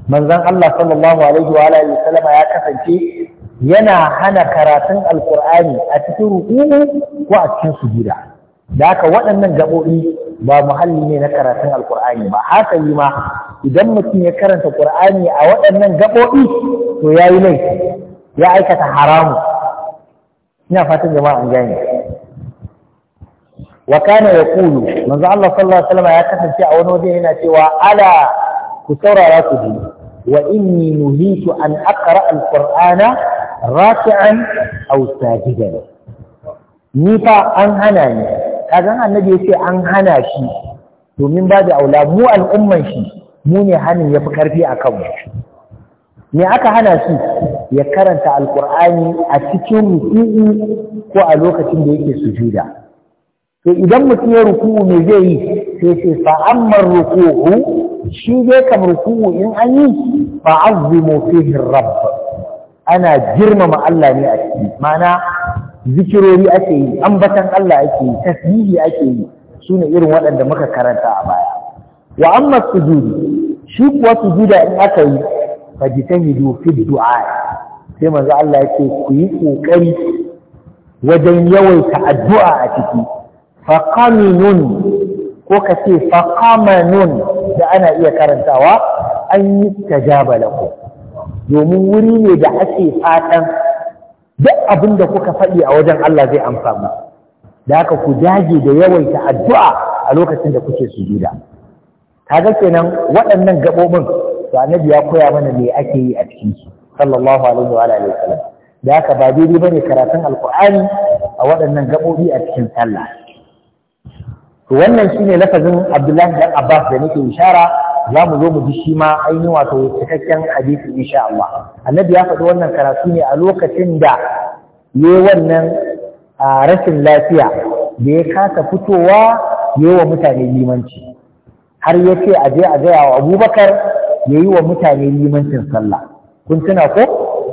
manzon Allah sallallahu alaihi wa alihi wasallama ya kasance yana hana karatun alqur'ani a cikin ruku'u ko a cikin sujuda da haka waɗannan gaɓoɓi ba muhalli ne na karatun alkur'ani ba yi ma idan mutum ya karanta ƙur'ani a waɗannan gaɓoɓi to ya yi laifi ya aikata haramu ina fatan jama'a an gane wa kana kulu manzo Allah sallallahu alaihi wasallam ya kasance a wani waje yana cewa ala ku saurara ku ji wa inni nuhitu an aqra alqur'ana raki'an aw sajidan ni fa an hana ni Kazan annabi ya ce an hana shi domin ba da aula mu al'umman shi mu ne hannun ya fi karfi a kanmu me aka hana shi ya karanta alkur'ani a cikin ruku'u ko a lokacin da yake sujuda to idan mutum ya ruku'u me zai yi sai ce fa amma ruku'u shi dai kam ruku'u in an yi fa azzimu fihi rabb ana girmama Allah ne a ciki ma'ana zikirori ake yi ambatan Allah ake yi tasbihi ake yi sune irin waɗanda muka karanta a baya wa amma sujudi shi kuwa sujuda in aka yi fajtanidu fi du'a sai manzo Allah yake ku yi kokari wajen yawaita addu'a a ciki faqaminun ko ka ce faqamanun da ana iya karantawa an yi tajaba lakum domin wuri ne da ake fatan duk abin da kuka faɗi a wajen Allah zai amsa mu da haka ku dage da yawaita addu'a a lokacin da kuke sujuda kaga kenan waɗannan gabobin to annabi ya koya mana me ake yi a cikin su sallallahu alaihi wa alihi wasallam da haka ba daidai bane karatun alqur'ani a waɗannan gabobi a cikin sallah to wannan shine lafazin Abdullahi dan Abbas da nake ishara za mu zo mu ji shi ma ainihin wato cikakken hadisi insha Allah annabi ya faɗi wannan karatu ne a lokacin da ya wannan rashin lafiya da ya kasa fitowa ya wa mutane limanci har ya ce a je a gaya wa abubakar ya yi wa mutane limancin sallah kun tuna ko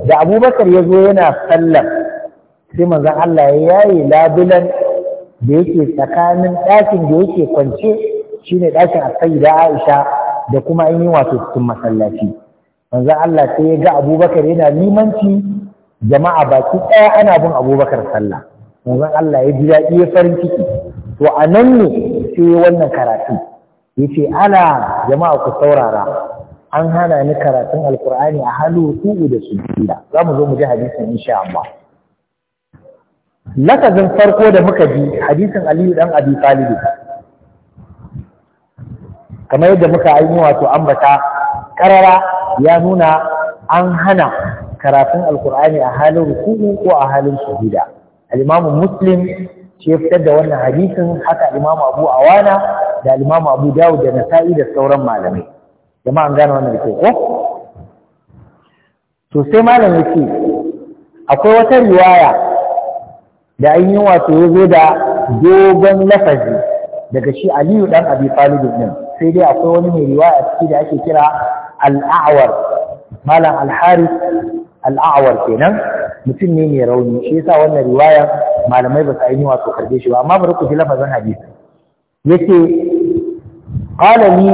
da abubakar ya zo yana sallar sai manzon Allah ya yaye labulan da yake tsakanin ɗakin da yake kwance shine ɗakin sayi da Aisha da kuma ainihin wato cikin masallaci manzon Allah sai ya ga Abubakar yana limanci jama'a baki ɗaya ana bin Abubakar sallah Wanzan Allah ya ji daɗi ya farin ciki to a nan ne sai wannan karatu ce ala jama'a ku saurara an hana ni karatun alkur'ani a halu su'u da su sujuda za mu zo mu ji hadisin insha Allah lakazin farko da muka ji hadisin Aliyu dan Abi Talib kamar yadda muka yi wato ambata karara ya nuna an hana karatun alkur'ani a halin ruku'u ko a halin shahida al-imamu muslim shi ya fitar da wannan hadisin haka al abu awana da al abu dawud da nasa'i da sauran malamai jama'a an gane wannan ko to sai malam yake akwai wata riwaya da an yi wato ya zo da dogon lafazi daga shi aliyu dan abi talib din sai dai akwai wani mai riwaya ciki da ake kira al'awar malam al-harith al'awar kenan mutum ne mai rauni shi yasa wannan riwaya malamai ba su ainihi wato karbe shi ba amma bari ku ji lafazin hadisi yace qala ni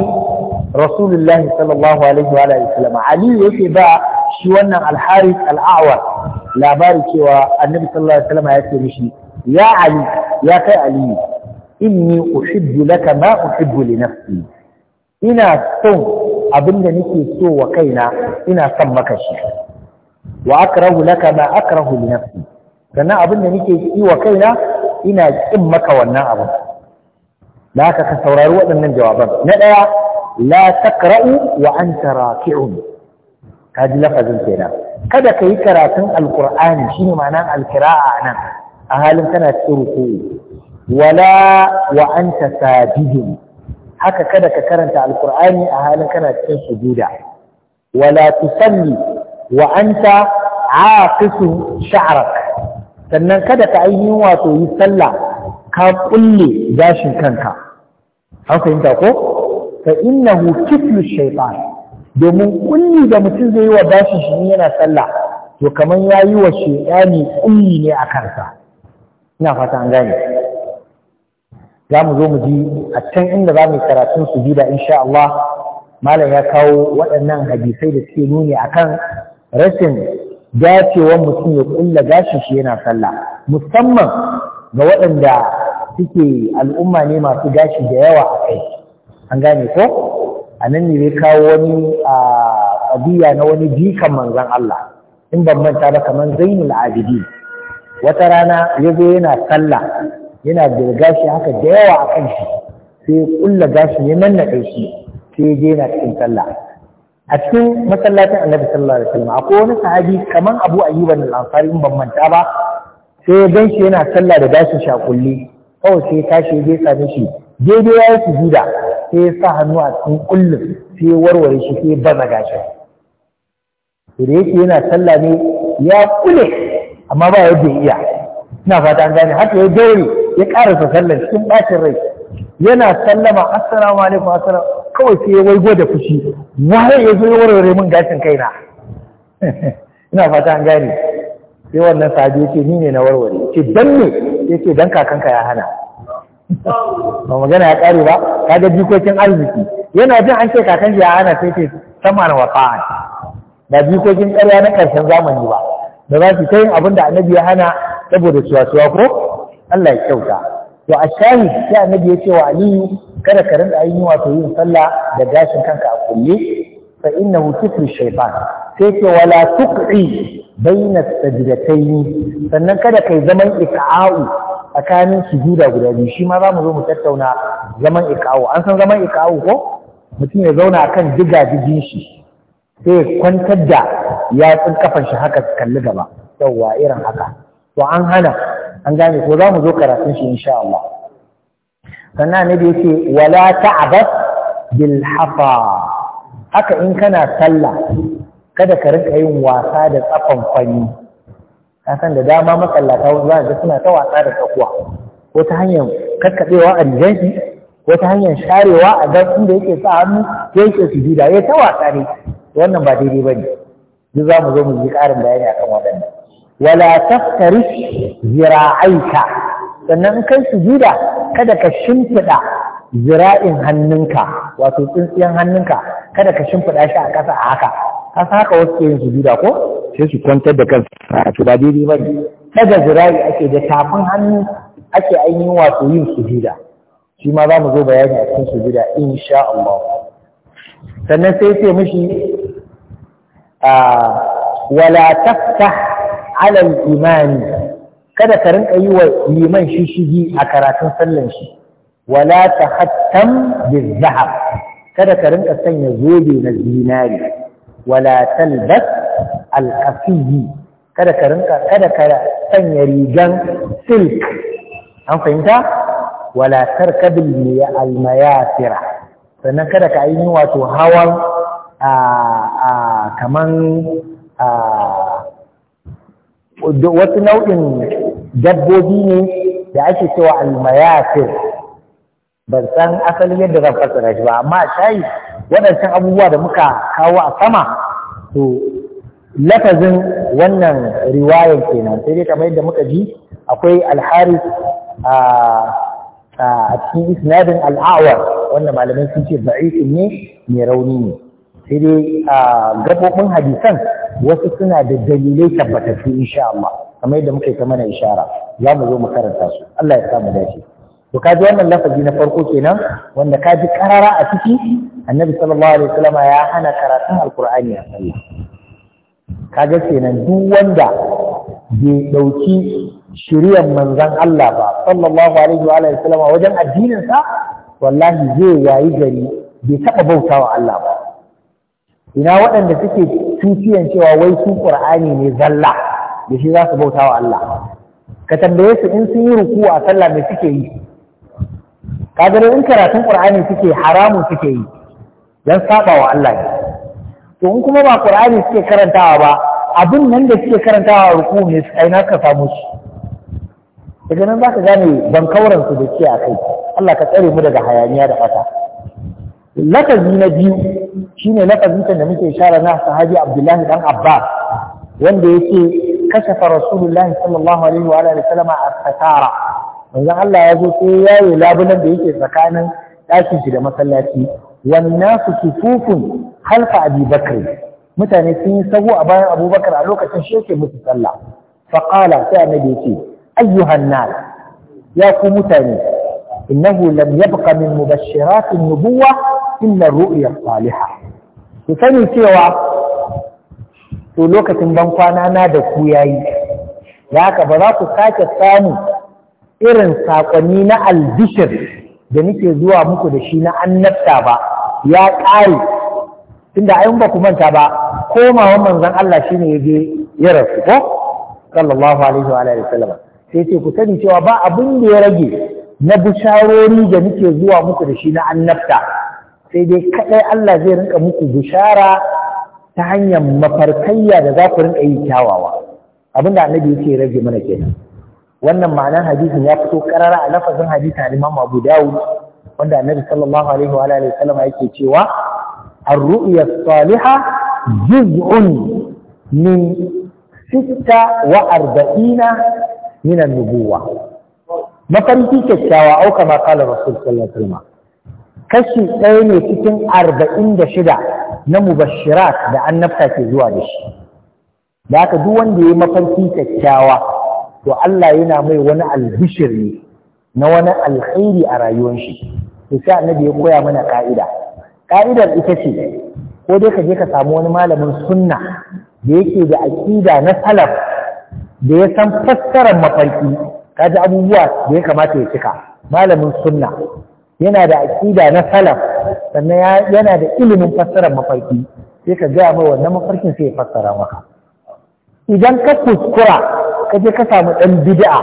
rasulullahi sallallahu alaihi wa alihi wasallam ali yake ba shi wannan al-harith al labari cewa annabi sallallahu alaihi wasallam ya ce mishi ya ali ya kai ali inni uhibbu laka ma uhibbu li nafsi ina son abin da nake so wa kaina ina son maka shi wa akrahu laka ma akrahu li nafsi sannan abin da nake yi wa kaina ina kin maka wannan abin da haka ka saurari waɗannan jawaban na ɗaya la takra'u wa anta raki'un ka ji lafazin kenan kada ka yi karatun alqur'ani shine ma'anar alqira'a nan a halin kana cikin ruku'u wala wa anta sajidun haka kada ka karanta alkur'ani a halin kana cikin sujuda wala tusalli wa anta aqisu sha'rak sannan kada ka ainihin wato yi sallah ka kulle gashin kanka an fahimta ko fa innahu kiflu shaytan domin kulli da mutum zai yi wa gashin shi yana sallah to kaman yayi wa shaytani kulli ne a kansa ina fata an gane za mu zo mu ji a can inda za mu yi karatun su da insha Allah malam ya kawo waɗannan hadisai da suke nuni akan rashin dacewar mutum ya kulla gashi shi yana sallah musamman ga waɗanda suke al'umma ne masu gashi da yawa a kai an gane ko a nan ne zai kawo wani a na wani jikan manzon Allah in ban manta ba kamar zainul abidi wata rana ya zo yana sallah yana da gashi haka da yawa a kan shi sai ya kulla gashin ya nannaɗe shi sai je yana cikin sallah a cikin masallacin annabi sallallahu alaihi wasallam akwai wani sahabi kaman abu ayyuba al ansari in ban manta ba sai ya shi yana sallah da gashin shakulli a kawai sai ya tashi ya je same shi daidai ya yi sujuda sai ya sa hannu a cikin kullum sai ya warware shi sai ya baza gashin da yake yana sallah ne ya kule amma ba yadda iya ina fata an gane haka ya dore ya karasa sallar cikin bacin rai yana sallama assalamu alaikum assalam kawai sai ya waigo da fushi waye ya zo ya warware min gashin kaina (laughs) ina fata an gane sai wannan sahabi yake ni ne na warware ce dan ne ce dan kakanka ya hana ba magana ya ƙare ba kaga jikokin arziki yana jin an ce kakan ya hana sai ce sama na wafa'a ba jikokin ƙarya na ƙarshen zamani ba da za su ta yin abin da annabi ya hana saboda suwa-suwa ko Allah ya kyauta to a shahi sai annabi ya ce wa aliyu kada ka rinka ainihin wato yin sallah da gashin kanka a kulle fa innahu kifru shaytan sai ce wala tuqi baina sajdatayn sannan kada kai zaman ika'u tsakanin sujuda guda biyu shi ma za mu zo mu tattauna zaman ika'u an san zaman ika'u ko mutum ya zauna kan diga digin shi sai kwantar da yatsun kafan shi haka kalli gaba yawwa irin haka to an hana an gane ko za mu zo karatun shi insha Allah sannan da yake wala ta'abas bil hafa haka in kana sallah kada ka rika yin wasa da tsafan fani ka san da dama masallata wanda za ga suna ta wasa da tsakuwa ko ta hanyar karkadewa a jinsi ko ta hanyar sharewa a garin da yake sa hannu ko yake sujuda ya ta wasa ne wannan ba daidai bane duk za mu zo mu yi karin bayani akan waɗanda. wala tafkari zira'aika sannan in kai sujuda kada ka shimfiɗa zira'in hannunka wato tsintsiyan hannunka kada ka shimfiɗa shi a ƙasa a haka ka saka haka wasu yin sujuda ko sai su kwantar da kansa. a to ba daidai ba ne kada zira'i ake da tafin hannu ake ainihin wato yin sujuda shi ma za mu zo bayani a cikin sujuda insha Allah sannan sai ce mishi wala taftah alal imani kada ka rinka yi wa liman shishigi a karatun sallan shi wala ta hattam zahab kada ka rinka sanya zobe na zinari wala talbas alkafiyi kada ka rinka kada ka sanya rigan silk an fahimta wala tarkabil miya almayasira sannan kada ka yi wato hawan a kaman a wasu nau'in dabbobi ne da ake cewa almayafir ban san asalin yadda zan fasara shi ba amma shayi waɗancan abubuwa da muka kawo a sama to lafazin wannan riwayar kenan sai dai kamar yadda muka ji akwai alharis a cikin isnadin al'awar wanda malamai sun ce ba'ifin ne mai rauni ne sai dai gabobin hadisan wasu suna da dalilai tabbatattu insha Allah kamar yadda muka yi ta mana ishara za mu zo mu karanta su Allah ya samu dace to kaji wannan lafazi na farko kenan wanda kaji karara a ciki annabi sallallahu alaihi wasallam ya hana karatun alqur'ani a sallah kaga kenan duk wanda bai dauki shiriyar manzon Allah ba sallallahu alaihi wa alihi wasallam wajen addinin sa wallahi zai yayi gari bai taba bautawa Allah ba ina waɗanda suke tuciyan cewa wai su qur'ani ne zalla da shi za su bauta wa Allah ka tambaye su in sun yi ruku a sallah me suke yi kaga in karatun qur'ani suke haramun suke yi dan saba wa Allah ne to in kuma ba qur'ani suke karantawa ba abin nan da suke karantawa ruku ne su aina ka samu shi daga nan zaka gane bankauran su da ke a kai Allah ka tsare mu daga hayaniya da fata lakazi na biyu shine lakazin da muke shara na sahabi abdullahi dan abbas wanda yake kashafa rasulullahi sallallahu alaihi wa alihi manzon Allah ya zo sai ya yi labulan da yake tsakanin ɗakin shi da masallaci wan nasu sufufun khalfa abi bakr mutane sun yi sahu a bayan abubakar a lokacin shi yake musu sallah fa qala sai annabi yace ayyuhan nas ya ku mutane innahu lam yabqa min mubashshiratin nubuwwa illa ru'ya salihah ku sani cewa to lokacin ban kwana na da ku yayi ya haka ba za ku sake samu irin sakonni na albishir da nake zuwa muku da shi na annabta ba ya ƙare tunda ayin ba ku manta ba komawan manzon Allah shine yaje ya rasu ko sallallahu alaihi wa alihi wasallam sai ce ku sani cewa ba abin da ya rage na bisharori da nake zuwa muku da shi na annabta sai dai kaɗai Allah zai rinka muku bishara ta hanyar mafarkayya da za ku rinka yi kyawawa abin da annabi yake rage mana kenan wannan ma'anar hadisin ya fito karara a lafazin hadisi na Imam Abu Dawud wanda annabi sallallahu alaihi wa alihi sallama yake cewa ar-ru'ya as-saliha juz'un min sitta wa arba'ina min an-nubuwa mafarki kyakkyawa au kama qala rasul sallallahu alaihi kashi ɗaya ne cikin arba'in da shida na mubashirat da annabta ke zuwa da shi da haka duk wanda ya yi mafarki kyakkyawa to Allah yana mai wani albishir ne na wani alkhairi a rayuwar shi to sai annabi ya koya mana ka'ida ka'idar ita ce ko dai ka je ka samu wani malamin sunna da yake da aƙida na salaf da ya san fassarar mafarki kaji abubuwa da ya kamata ya cika malamin sunna yana da aƙida na salaf sannan yana da ilimin fassarar mafarki sai ka gaya mai wannan mafarkin sai ya fassara maka idan ka kuskura ka je ka samu ɗan bid'a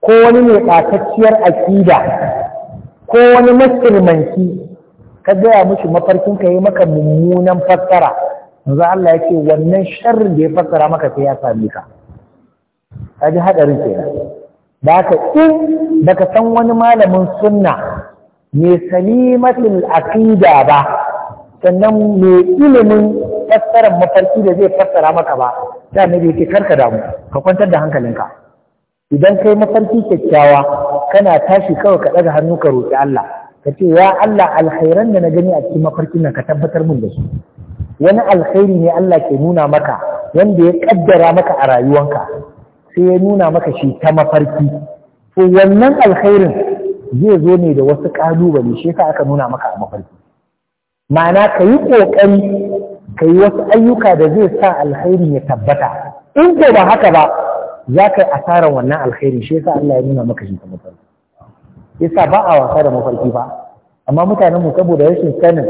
ko wani mai ɓatacciyar aƙida ko wani masirmanci ka gaya mashi mafarkin ka yi maka mummunan fassara yanzu Allah ya ce wannan sharrin da ya fassara maka sai ya same ka ka ji haɗarin kenan Ba ka in ka san wani malamin sunna mai salimatul aqida ba sannan mai ilimin fassarar mafarki da zai fassara maka ba da ne yake karka damu ka kwantar da hankalinka idan kai mafarki kyakkyawa kana tashi kawai ka daga hannu ka roki Allah ka ce ya Allah alkhairan da na gani a cikin mafarkin nan ka tabbatar min da su wani alkhairi ne Allah ke nuna maka wanda ya kaddara maka a rayuwanka sai ya nuna maka shi ta mafarki to wannan alkhairin zai zo ne da wasu ƙalubale shi yasa aka nuna maka a mafarki ma'ana ka ƙoƙari kayi wasu ayyuka da zai sa alkhairin ya tabbata in ko ba haka ba za ka yi asarar wannan alkhairin shi yasa Allah ya nuna maka shi ta mafarki yasa ba a wasa da mafarki ba amma mutanen mu saboda rashin sanin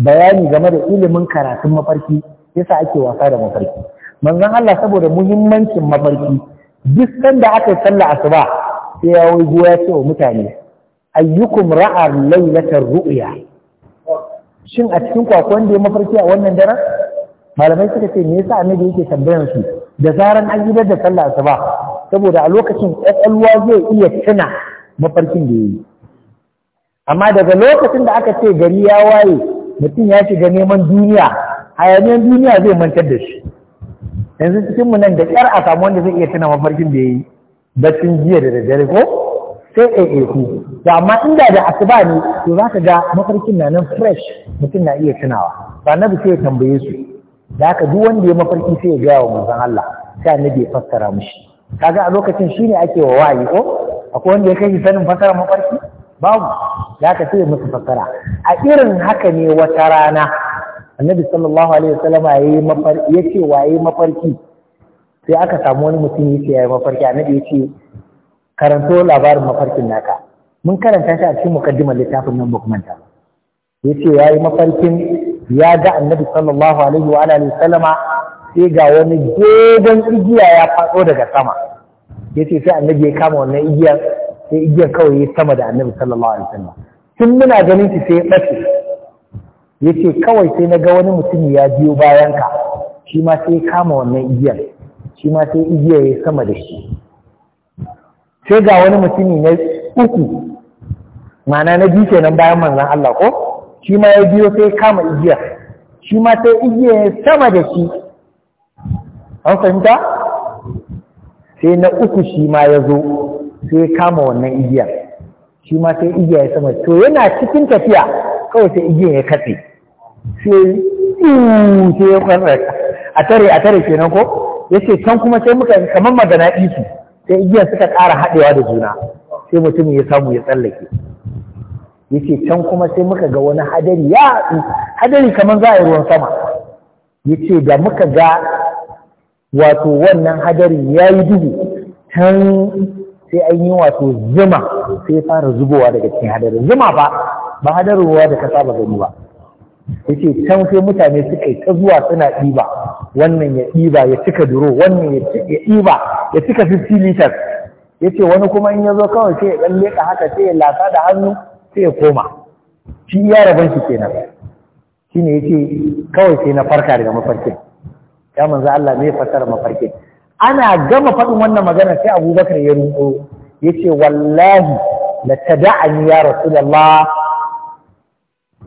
bayani game da ilimin karatun mafarki yasa ake wasa da mafarki manzon Allah saboda muhimmancin mafarki duk sanda aka yi sallah asuba sai ya wai ya ce wa mutane ayyukum ra'ar lailatar ru'ya shin a cikin kwakwan da ya mafarki a wannan daren malamai suka ce me yasa annabi yake tambayar su da zaran an gidan da sallah asuba saboda a lokacin ƙwaƙwalwa zai iya tuna mafarkin da ya yi amma daga lokacin da aka ce gari ya waye mutum ya shiga neman duniya hayaniyar duniya zai mantar da shi yanzu cikin mu nan da kyar a samu wanda zai iya tuna mafarkin da yayi baccin jiya da daddare ko sai AAC da amma inda da asuba ne to zaka ga mafarkin na nan fresh mutum na iya tunawa ba na sai ya tambaye su da haka duk wanda ya mafarki sai ya gaya wa manzon Allah sai annabi ya fassara mushi kaga a lokacin shine ake wa wayi ko akwai wanda ya kai sanin fassara mafarki babu da haka sai musu fassara a irin haka ne wata rana annabi sallallahu alaihi wasallam yayi mafarki yace waye mafarki sai aka samu wani mutum yace yayi mafarki annabi yace karanto labarin mafarkin naka mun karanta shi a cikin mukaddimar littafin nan manta ta yace yayi mafarkin ya ga annabi sallallahu alaihi wa alihi wasallama sai ga wani dogon igiya ya faɗo daga sama yace sai annabi ya kama wannan igiyar sai igiyar kawai ya sama da annabi sallallahu alaihi wasallam tun muna ganin shi sai ya ɓace ya ce kawai sai na ga wani mutum ya biyo bayanka shi ma sai kama wannan igiyar shi ma sai igiyar ya sama da shi sai ga wani mutumi na uku mana na biyu kenan bayan manzan Allah ko shi ma ya biyo sai kama igiyar shi ma sai igiyar ya sama da shi an fahimta sai na uku shi ma ya zo sai ya kama wannan igiyar shi ma sai igiyar ya sama to yana cikin tafiya kawai sai igiyar ya katse sai sai ya kwarraka a tare a tare kenan ko ce can kuma sai muka kamar magana isu sai igiyar suka ƙara haɗewa da juna sai mutum ya samu ya tsallake ce can kuma sai muka ga wani hadari ya hadari kamar za a yi ruwan sama yace da muka ga wato wannan hadari ya yi duhu can sai an yi wato zuma sai fara zubowa daga cikin hadarin zuma ba ba hadarin ruwa da ka saba gani ba yace can sai mutane suka yi ta zuwa suna ɗiba wannan ya ɗiba ya cika duro wannan ya ɗiba ya cika 50 liters yace wani kuma in ya zo kawai sai ya ɗan leƙa haka sai ya lasa da hannu sai ya koma shi ya rabon shi kenan ya ce kawai sai na farka daga mafarkin ya manzo Allah me fasara mafarkin ana gama faɗin wannan magana sai Abubakar ya ya yace wallahi la tada'ani ya rasulullah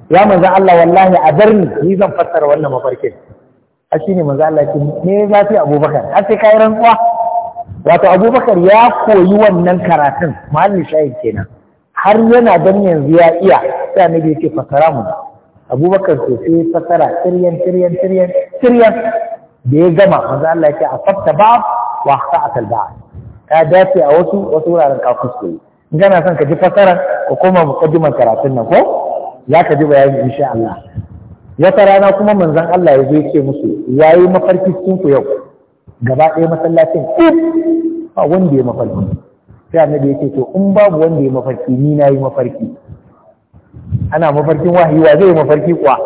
ya manzan Allah wallahi a bar ni ni zan fassara wannan mafarkin a ne manzan Allah ce me za su Abubakar har sai kai rantsuwa wato Abubakar ya koyi wannan karatun mahalli shayin kenan har yana dan yanzu ya iya sai annabi yake fassara mu Abubakar to sai fassara tiryan tiryan tiryan tiryan da ya gama manzan Allah yake a fatta ba wa sa'at al ba ka dace a wasu wasu wuraren ka kuskure in kana son ka ji fassarar ka koma muqaddimar karatun nan ko za ka ji bayani insha Allah wata rana kuma manzan Allah ya zo ce musu yayi mafarki cikin ku yau gaba ɗaya masallacin ba wanda ya mafarki sai annabi ya ce to in babu wanda ya mafarki ni na yi mafarki ana mafarkin wahayi wa zai mafarki kuwa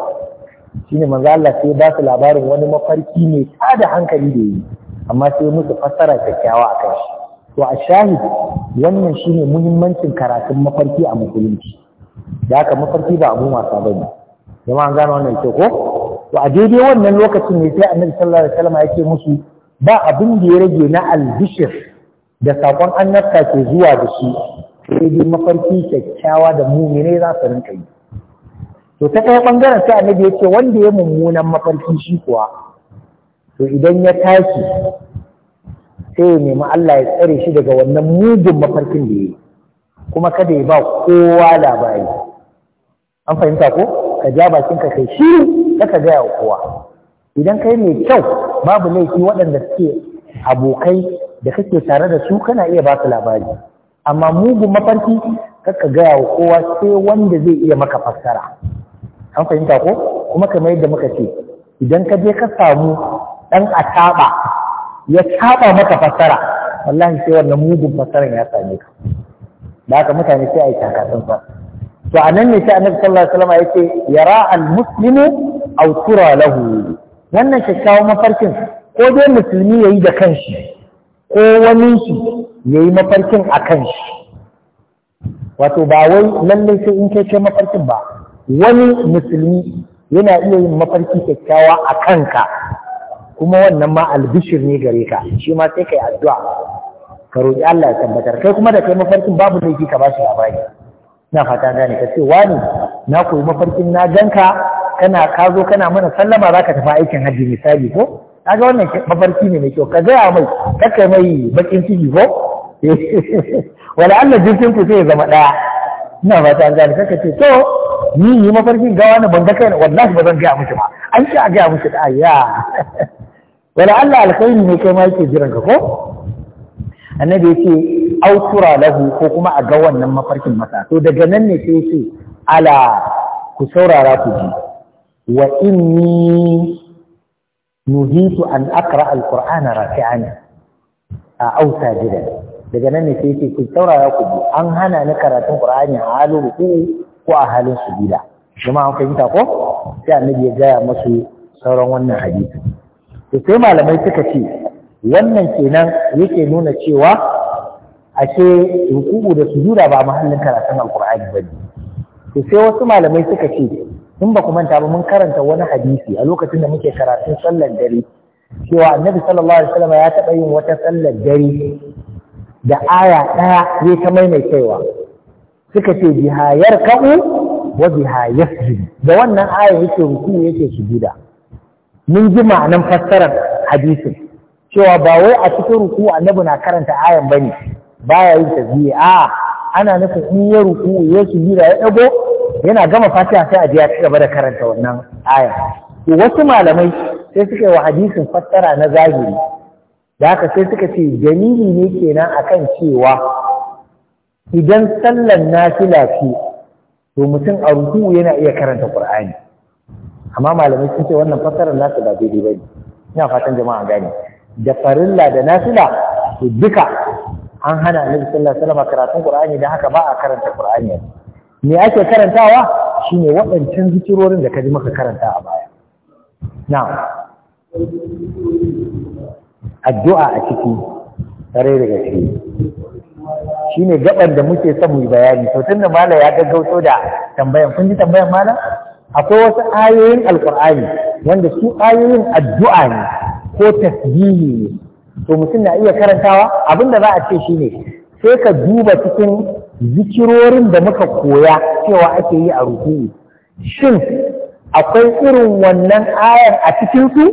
shine manzan Allah sai ba su labarin wani mafarki ne da hankali da yi amma sai musu fassara kyakkyawa a kan shi to a shahid wannan shine muhimmancin karatun mafarki a musulunci da aka mafarki ba abu wasa ba ne zama an gano wannan ke ko to a daidai wannan lokacin ne sai annabi sallallahu alaihi wasallam yake musu ba abin da ya rage na albishir da sakon annabta ke zuwa da shi sai dai mafarki kyakkyawa da mumine za su rinka yi to ta kai bangaren sai annabi ya ce wanda ya mummunan mafarki shi kuwa to idan ya tashi sai ya nemi Allah ya tsare shi daga wannan mugun mafarkin da ya yi kuma kada ya ba kowa labari an fahimta ko ka ja bakinka kai shi ka gaya wa kowa idan kai mai kyau babu laifi waɗanda suke abokai da kake tare da su kana iya ba su labari amma mugun mafarki ka gaya wa kowa sai wanda zai iya maka fassara an fahimta ko kuma kamar yadda muka ce idan ka je ka samu ɗan asaba ya saba maka fassara wallahi sai wannan mugun fassaran ya same ka da haka mutane sai a yi takatun ba. to a nan ne sai annabi sallallahu alaihi wasallam yace yara al muslimu aw tura lahu wannan kyakkyawan mafarkin ko dai musulmi yayi da kanshi ko wani shi yayi mafarkin a kanshi wato ba wai lallai sai in kai kai mafarkin ba wani musulmi yana iya yin mafarki kyakkyawa a kanka kuma wannan ma albishir ne gare ka shi ma sai yi addu'a ka roƙi Allah ya tabbatar kai kuma da kai mafarkin babu laifi ka ba shi labari na fata gane ka ce wani na koyi mafarkin na ganka kana ka zo kana mana sallama za ka tafi aikin hajji misali ko kaga wannan mafarki ne mai kyau ka gaya mai kakkai mai bakin ciki ko (laughs) wala Allah jirgin ku sai ya zama ɗaya na fata gane ka ce to ni yi mafarkin gawa na ban ga kai wallahi ba zan gaya miki ba an ce a gaya miki da ayya (laughs) wala Allah alkhairi ne kai ma yake jiran ka ko annabi ya ce autura lahu ko kuma a ga wannan mafarkin masa to daga nan ne sai ce ala ku saurara ku ji wa inni nuhitu an aqra alqur'ana rafi'an a ausa gidan daga nan ne sai ce ku saurara ku ji an hana ni karatun qur'ani a halin ruku ko a halin sujuda jama'a an fahimta ko sai annabi ya gaya masu sauran wannan hadisi to sai malamai suka ce wannan kenan yake nuna cewa ashe rukubu da sujuda ba mahallin karatun alqur'ani ne to sai wasu malamai suka ce in ba ku manta ba mun karanta wani hadisi a lokacin da muke karatun sallar dare cewa annabi sallallahu alaihi wasallam ya taɓa yin wata sallar dare da aya ɗaya zai ta maimaitawa suka ce bihayar ka'u wa bihayar da wannan aya yake ruku yake sujuda mun ji ma'anan fassarar hadisin cewa ba wai a cikin ruku annabi na karanta ayan bane ya yin tasbihi a ana nufin in ya ruku ya sujuda ya dago yana gama fatiha sai a je ya gaba da karanta wannan ayan to wasu malamai sai suka yi wa hadisin fassara na zahiri da haka sai suka ce dalili ne kenan akan cewa idan sallan nafila ce to mutum a ruku yana iya karanta qur'ani amma malamai sun ce wannan fassarar nasu ba daidai bane ina fatan jama'a gane da farilla da nafila to duka an hana annabi sallallahu alaihi wasallam karatun qur'ani da haka ba a karanta qur'ani me ake karantawa shine waɗancan zikirorin da ka ji maka karanta a baya na'am addu'a a ciki tare daga ciki shine gaban da muke son mu bayani to tunda mala ya gaggauto da tambayan kun ji tambayan mala akwai wasu ayoyin alqur'ani wanda su ayoyin addu'a ne ko tasbihi ne to mutum na iya karantawa abinda za a ce shine sai ka duba cikin zikirorin da muka koya cewa ake yi a ruku'u shin akwai irin wannan ayar a cikin su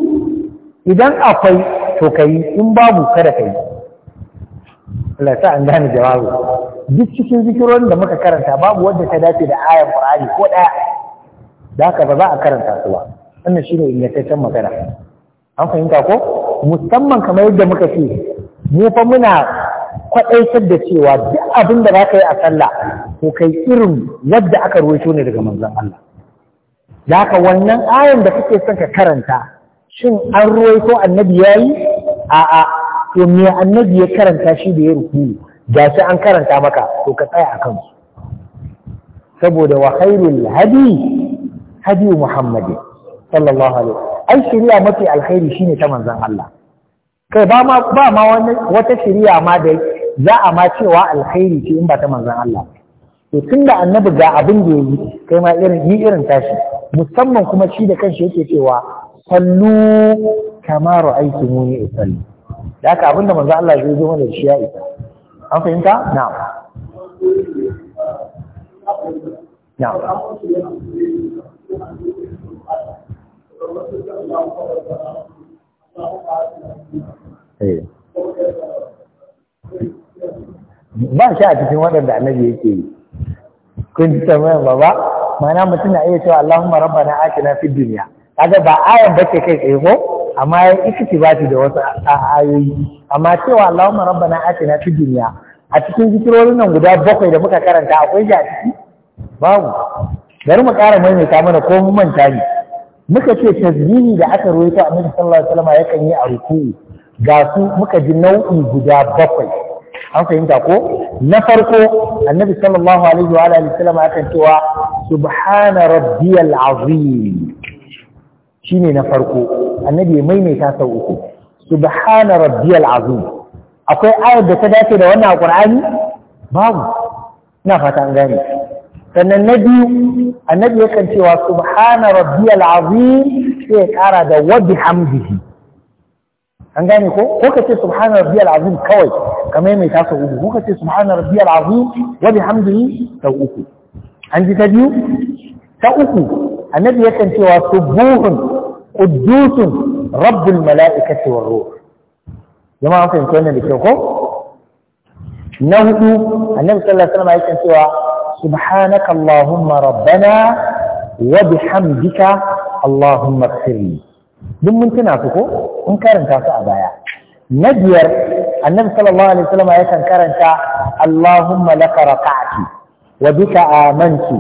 idan akwai to kai in babu kada kai Allah sa an gane jawabi duk cikin zikirorin da muka karanta babu wanda ta dace da ayar Qur'ani ko daya da haka ba za a karanta su ba wannan shine ingantaccen magana an fahimta ko musamman kamar yadda muka ce mu fa muna kwaɗaitar da cewa duk abin da za ka yi a sallah ko kai irin yadda aka ruwaito ne daga manzon Allah da ka wannan ayan da kake son ka karanta shin an ruwaito annabi yayi a'a to me annabi ya karanta shi da ya ruku da shi an karanta maka to ka tsaya a kansu saboda wa khairul hadi hadi muhammadin sallallahu alaihi ai shari'a mafi alkhairi shine ta manzon Allah kai ba ma ba ma wani wata shari'a ma da za a ma cewa alkhairi ce in ba ta manzon Allah to tunda annabi ga abin da yayi kai ma irin yi irin tashi musamman kuma shi da kanshi yake cewa sallu kama ra'aytumuni usalli da haka abinda manzon Allah zai zo mana shi ya isa an fahimta na'am na'am Eh. ba shi a cikin waɗanda annabi yake yi kun ji tambayar ba ba ma'ana mutum na iya cewa Allahumma rabbana atina fid dunya kaga ba ayan bace kai tsaye ko amma ya ikhtibati da wasu ayoyi amma cewa Allahumma rabbana atina fid dunya a cikin zikirorin nan guda bakwai da muka karanta akwai shi a ciki babu bari mu ƙara maimaita mana ko mun manta ne muka ce tasbihi da aka rawaito annabi sallallahu alaihi wasallam yakan yi a ruku'u ga su muka ji nau'i guda bakwai an fahimta ko na farko annabi sallallahu alaihi wa alihi wasallam akan cewa subhana rabbiyal azim shine na farko annabi ya maimaita sau uku subhana rabbiyal azim akwai ayar da ta dace da wannan alqur'ani babu ina fata an gane sannan na biyu annabi yakan cewa subhana rabbiyal azim sai ya kara da wa bihamdihi an gane ko ko kace subhana rabbiyal azim kawai kamar mai ta sau uku ko kace subhana rabbiyal azim wa bihamdihi sau uku an ji ta biyu ta uku annabi yakan cewa subuhun quddusun rabbul mala'ikati war ruh jama'a an fahimci wannan da kyau ko na hudu annabi sallallahu alaihi wasallam yakan cewa subhanaka Allahumma rabbana wa bihamdika Allahumma firli duk mun tuna ko in karanta su a baya na biyar annabi sallallahu alaihi wasallam yakan karanta Allahumma laka raka'tu wa bika amantu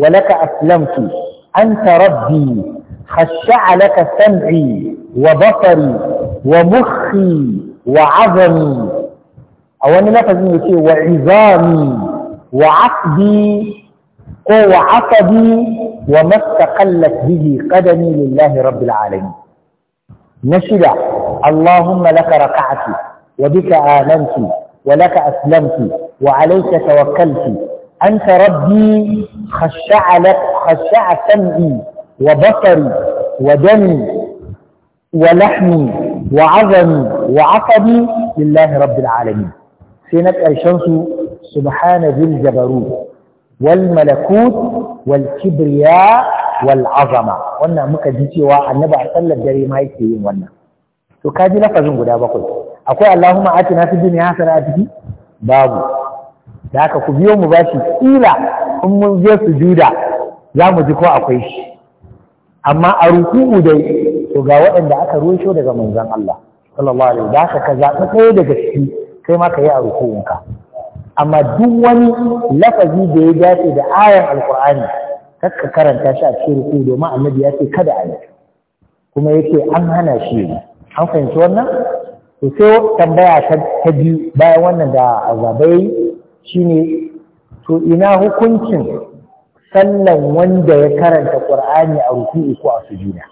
wa laka aslamki, anta rabbi wa خشع لك سمعي وبصري ومخي وعظمي أو أن لفظ wa وعظامي وعقدي وعصبي وما استقلت به قدمي لله رب العالمين نشد اللهم لك ركعت وبك آمنت ولك أسلمت وعليك توكلت أنت ربي خشع لك خشع سمعي وبصري ودمي ولحمي وعظمي وعصبي لله رب العالمين سينك أي شمس سبحان ذي الجبروت والملكوت والكبرياء والعظمة وانا مكدتي وعنبع صلى الجري ما يكيين وانا تكادي لفظن قد أقول أقول اللهم آتنا في الدنيا حسنة آتك بابو ذاك كبير مباشر إلى أم الجو سجودا za mu ji ko akwai shi amma a ruku'u dai to ga waɗanda aka ruwaito daga manzon Allah sallallahu alaihi wasallam da ka zaɓi ɗaya daga ciki kai ma ka yi a ruku'unka amma duk wani lafazi da ya dace da ayan alkur'ani ka karanta shi a cikin ruku domin annabi ya ce kada a yi kuma yake an hana shi an fahimci wannan to sai tambaya ta biyu bayan wannan da azabai shine to ina hukuncin sallan wanda ya karanta qur'ani a ruku'i ko a sujuda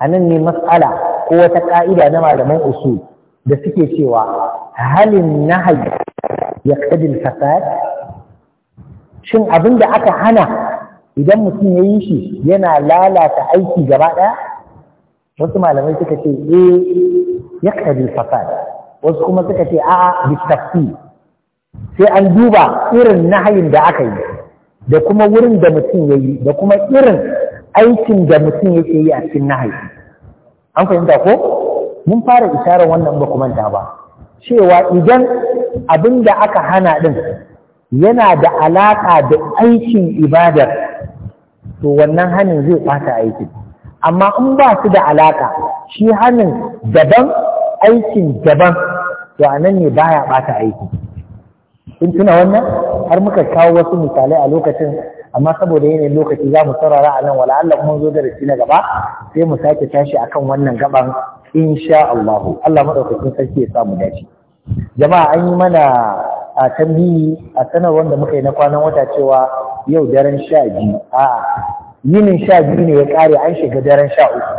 anan ne mas'ala ko wata ka'ida na malaman usul da suke cewa halin nahayi Ya al-fasad shin abin da aka hana idan mutum ya yi shi yana lalata aiki gaba ɗaya wasu malamai suka ce eh ya al-fasad wasu kuma suka ce a'a bi sai an duba irin nahayin da aka yi da kuma wurin da mutum ya yi da kuma irin aikin da mutum yake yi a cikin nahayi an fahimta ko mun fara isharar wannan ba manta ba cewa idan abin da aka hana ɗin yana da alaƙa da aikin ibadar to wannan hannun zai ɓata aiki. amma in ba su da alaƙa shi hannun daban aikin daban to a nan ne baya ɓata aiki in tuna wannan har muka kawo wasu misalai a lokacin amma saboda yanayin lokaci za mu saurara a nan wala Allah zo da na gaba sai mu sake tashi akan wannan gaban In sha Allah Allah madaukakin sarki ya samu dace jama'a an yi mana a tambayi a sanar wanda muka yi na kwanan wata cewa yau daren sha biyu a yinin sha biyu ne ya kare an shiga daren sha uku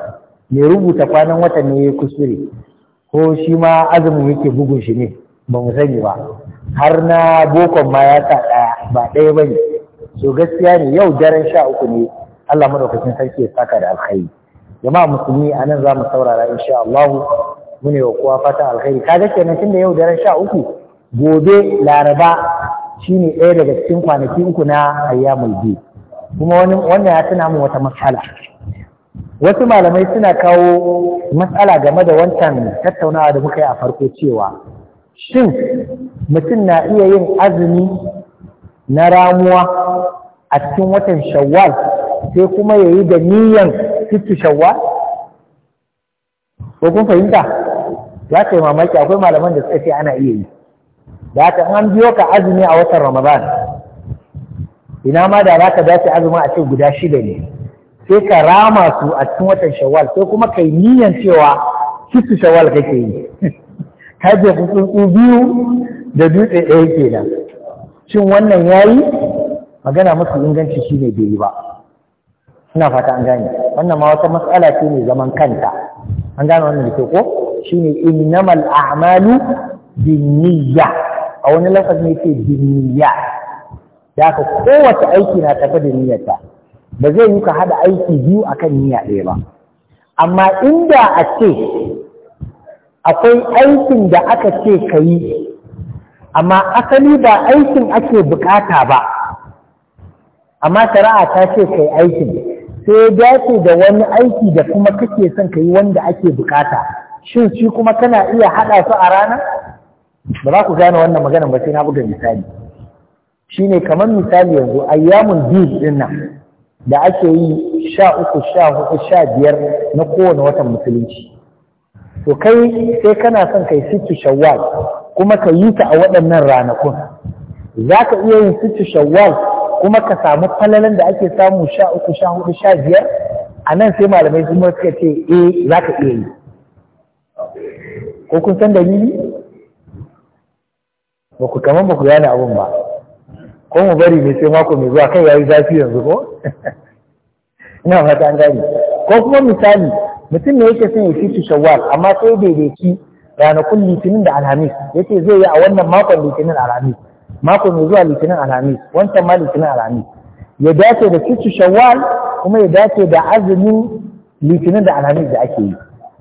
mai rubuta kwanan wata ne ya kusure? ko shi ma azumin yake bugun shi ne ba mu sani ba har na bokon ma ya sa ɗaya ba ɗaya bane. ne so gaskiya ne yau daren sha uku ne Allah madaukakin sarki ya saka da alkhairi jama'a musulmi a nan za mu saurara insha Allah mu ne wa kowa fata alkhairi kaga kenan tunda yau daren sha uku gobe laraba shine ɗaya daga cikin kwanaki uku na ayyamul bi kuma wani wannan ya tana mu wata matsala wasu malamai suna kawo matsala game da wancan tattaunawa da muka yi a farko cewa shin mutum na iya yin azumi na ramuwa a cikin watan shawwal sai kuma ya yi da niyyan sittu shawwa? ko kun fahimta za ka yi mamaki akwai malaman da suka ce ana iya yi da haka an biyo ka azumi a watan ramadan ina ma da za ka dace azumi a ce guda shida ne sai ka rama su a cikin watan shawwal sai kuma kai niyan cewa sittu shawwal kake yi (laughs) ka je tsuntsu biyu da dutse ɗaya kenan Cin wannan yayi magana masu inganci shine bai yi ba ina fata an gane wannan ma wata matsala ce ne zaman kanta an gane wannan da ke ko shi shine innamal a'malu binniyya a wani lafazi ne ce binniyya da ka kowace aiki na tafi da niyyarta ba zai yi ka haɗa aiki biyu akan niyya ɗaya ba amma inda a ce akwai aikin da aka ce ka yi amma asali ba aikin ake bukata ba amma shari'a ta ce kai aikin sai dace da wani aiki da kuma kake son ka yi wanda ake bukata shin shi kuma kana iya haɗa su a rana ba za ku gane wannan magana ba sai na buga misali Shi ne kamar misali yanzu ayyamun biyu ɗin nan da ake yi sha uku sha hudu sha biyar na kowane watan musulunci to kai sai kana son kai sittu shawwal kuma ka yi ta a waɗannan ranakun za ka iya yin sittu shawwal kuma ka samu falalan da ake samu sha uku sha hudu sha biyar a nan sai malamai sun suka ce eh za ka iya yi ko kun san dalili ba ku kamar ba ku gane abin ba ko mu bari mai sai mako mai zuwa kai yayi zafi yanzu ko (laughs) ina fata an gane ko kuma misali mutum ne yake son ya fi shawwal amma sai daidaiki ranakun litinin da alhamis yake zai yi a wannan makon litinin alhamis mako mai zuwa litinin alhamis wancan ma litinin alhamis ya dace da cikin shawwal kuma ya dace da azumin litinin da alhamis da ake yi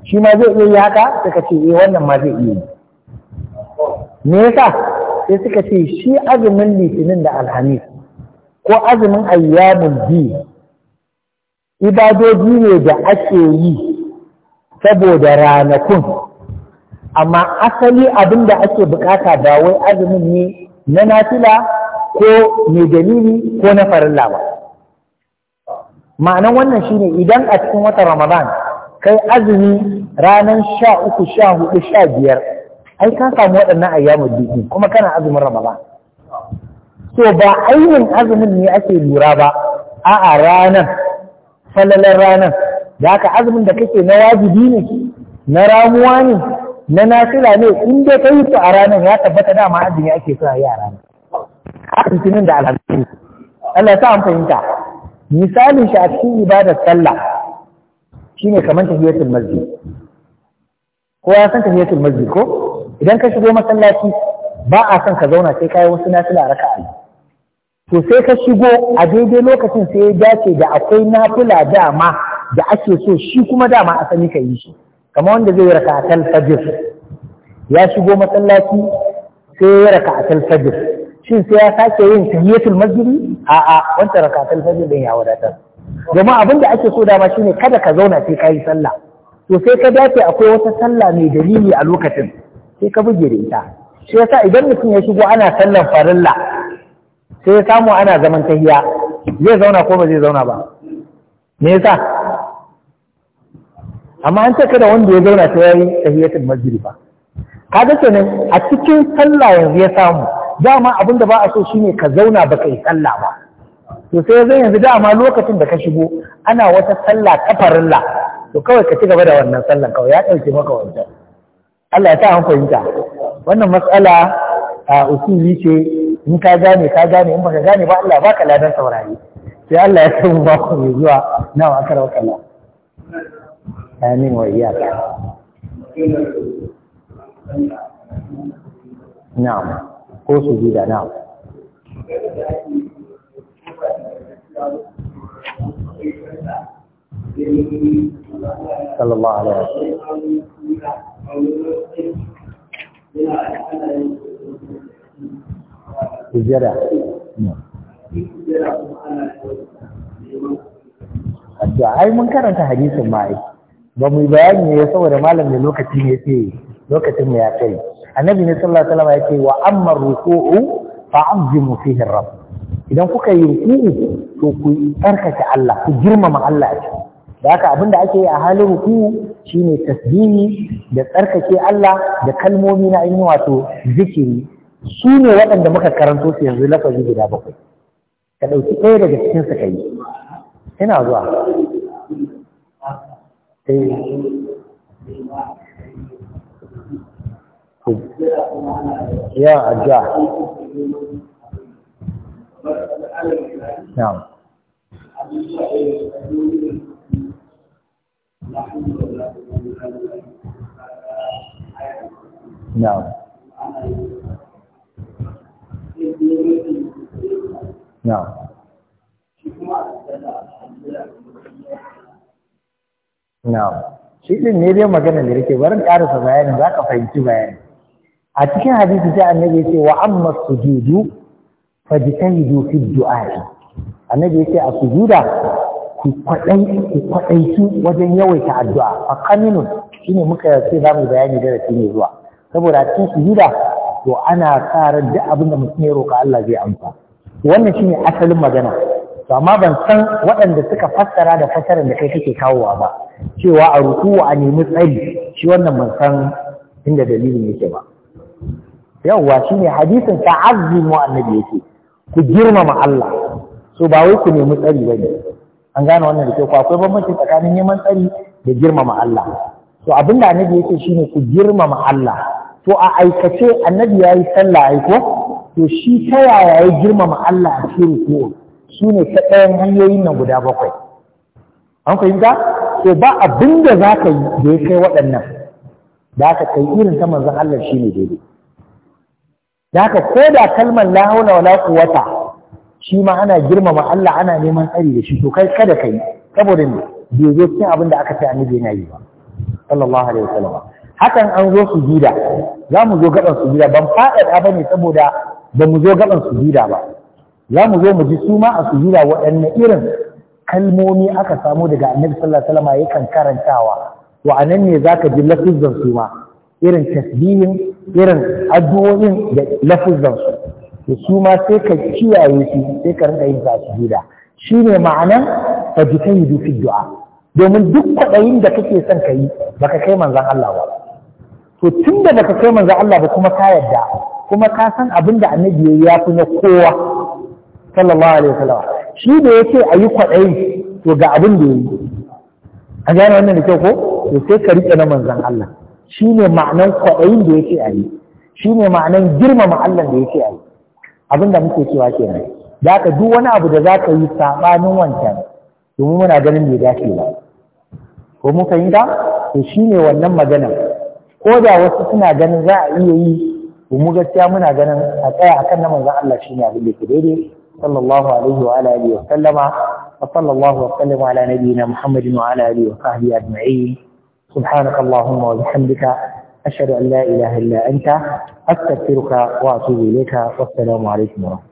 shi ma zai iya yi haka suka ce eh wannan ma zai iya yi me yasa sai suka ce shi azumin litinin da alhamis ko azumin ayyamun bi ibadoji ne da ake yi saboda ranakun amma asali abin da ake bukata ba wai azumin ne na nafila ko mai dalili ko na farilla ba ma'anan wannan shine idan a cikin watan ramadan kai azumi ranar sha uku sha hudu sha biyar ai ka samu waɗannan ayyamun biki kuma kana azumin ramadan so ba ainihin azumin ne ake lura ba a'a ranar falalar ranar da aka azumin da kake na wajibi ne na ramuwa ne na nasila ne in dai ka yi su a ranar ya tabbata dama azumi ake sa yi a ranar a litinin da alhamdu Allah sa an fahimta misalin shi a cikin ibadar sallah shine kamar tahiyatul masjid ko ya san tahiyatul masjid ko idan ka shigo masallaci ba a son ka zauna sai kayan wasu nafila raka'a to sai ka shigo a daidai lokacin sai ya dace da akwai nafila dama da ake so shi kuma dama a sani ka yi shi kamar wanda zai raka a talfajir ya shigo masallaci sai ya raka a talfajir shin sai ya sake yin tahiyatul masjidi a a wanda raka a talfajir din ya wadatar domin abin da ake so dama shine kada ka zauna sai ka yi sallah to sai ka dace akwai wata sallah mai dalili a lokacin sai ka buge da ita shi yasa idan mutum ya shigo ana sallan farilla sai ya samu ana zaman tahiya zai zauna ko ba zai zauna ba me yasa amma an ce kada wanda ya zauna ta yayi tahiyatul masjid ba kaga kenan a cikin sallah yanzu ya samu dama abin da ba a so shine ka zauna baka yi sallah ba to sai zai yanzu dama lokacin da ka shigo ana wata sallah ta farilla to kawai ka ci gaba da wannan sallan kawai ya dauke maka wancan Allah ya sa an fahimta wannan matsala a usuli ce in ka gane ka gane in baka gane ba Allah baka ladan saurari sai Allah ya san ba ku zuwa nawa aka rawa آمين وإياك نعم قوس جدا نعم صلى الله عليه وسلم الزرع الدعاء من كرنت حديث معي ba mu bayani ne saboda malam da lokaci ne ce lokacin mu ya kai annabi ne sallallahu alaihi wasallam yake wa amma ruku'u fa'azzimu fihi rabb idan kuka yi ruku'u to ku tsarkake Allah ku girmama Allah da haka abinda ake yi a halin ruku'u shine tasbihi da tsarkake Allah da kalmomi na ainihin wato zikiri su ne waɗanda muka karanto su yanzu lafazi guda bakwai ka ɗauki ɗaya daga cikin ka yi ina zuwa Eh. ya ja na'am na'am na'am na'am shi ɗin ne dai magana da yake barin sa bayani za ka fahimci bayani a cikin hadisi sai annabi ya ce wa amma sujudu fajtahidu fi du'a'i. annabi ya ce a sujuda ku kwadai ku kwadaitu wajen yawaita addu'a fa shi shine muka ce za mu bayani da rafi ne zuwa saboda a cikin sujuda to ana karar da abin da mutum ya roƙa Allah zai amsa wannan shine asalin magana to amma ban san waɗanda suka fassara da fassarar da kai kake kawowa ba cewa a ruku'u a nemi tsari shi wannan ban san inda dalilin yake ba yawwa shine hadisin ta'azzimu annabi yake ku girmama Allah so ba wai ku nemi tsari ne. an gane wannan da ku akwai bambanci tsakanin neman tsari da girmama Allah to abinda annabi yake shine ku girmama Allah to a aikace annabi yayi sallah ai ko to shi ta yaya ya girmama Allah a cikin ruku'u Su ne ta ɗayan hanyoyin nan guda bakwai an fahimta to ba abin da za ka yi da ya kai waɗannan da aka kai irin ta manzan Allah shi ne daidai da aka ko da kalmar la haula wala wata. shi ma ana girmama Allah ana neman tsari da shi to kai kada yi. saboda ne bai zo cikin abin da aka ce annabi yana yi ba sallallahu alaihi wasallam hakan an zo su gida za mu zo gaban su gida ban faɗaɗa ba ne saboda ba mu zo gaban su gida ba za mu zo mu ji su ma a sujuda waɗanne irin kalmomi aka samu daga annabi sallallahu alaihi wasallam yakan karantawa wa anan ne zaka ji lafizan su ma irin tasbihin irin addu'o'in da lafizan su to su ma sai ka kiyaye su sai ka rinka yin sa sujuda shine ma'anan fajtahidu fi du'a domin duk kwaɗayin da kake son ka yi baka kai manzon Allah ba to tunda baka kai manzon Allah ba kuma ka yadda kuma ka san abin da annabi ya fi na kowa sallallahu alaihi wasallam shi da yake ayi kwadai to ga abin da yake a gane wannan da kyau ko to sai ka rike na manzon Allah shine ma'anan kwaɗayin da yake ayi shine ma'anan girmama Allah da yake ayi abinda muke cewa kenan da ka duk wani abu da zaka yi sabanin wancan domin muna ganin me dace ba ko mun fahimta to shine wannan magana ko da wasu suna ganin za a iya yi mu gaskiya muna ganin a tsaya akan na manzon Allah shine abin da yake daidai صلى الله عليه وعلى آله وسلم وصلى الله وسلم على نبينا محمد وعلى آله وصحبه أجمعين سبحانك اللهم وبحمدك أشهد أن لا إله إلا أنت أستغفرك وأتوب إليك والسلام عليكم ورحمة الله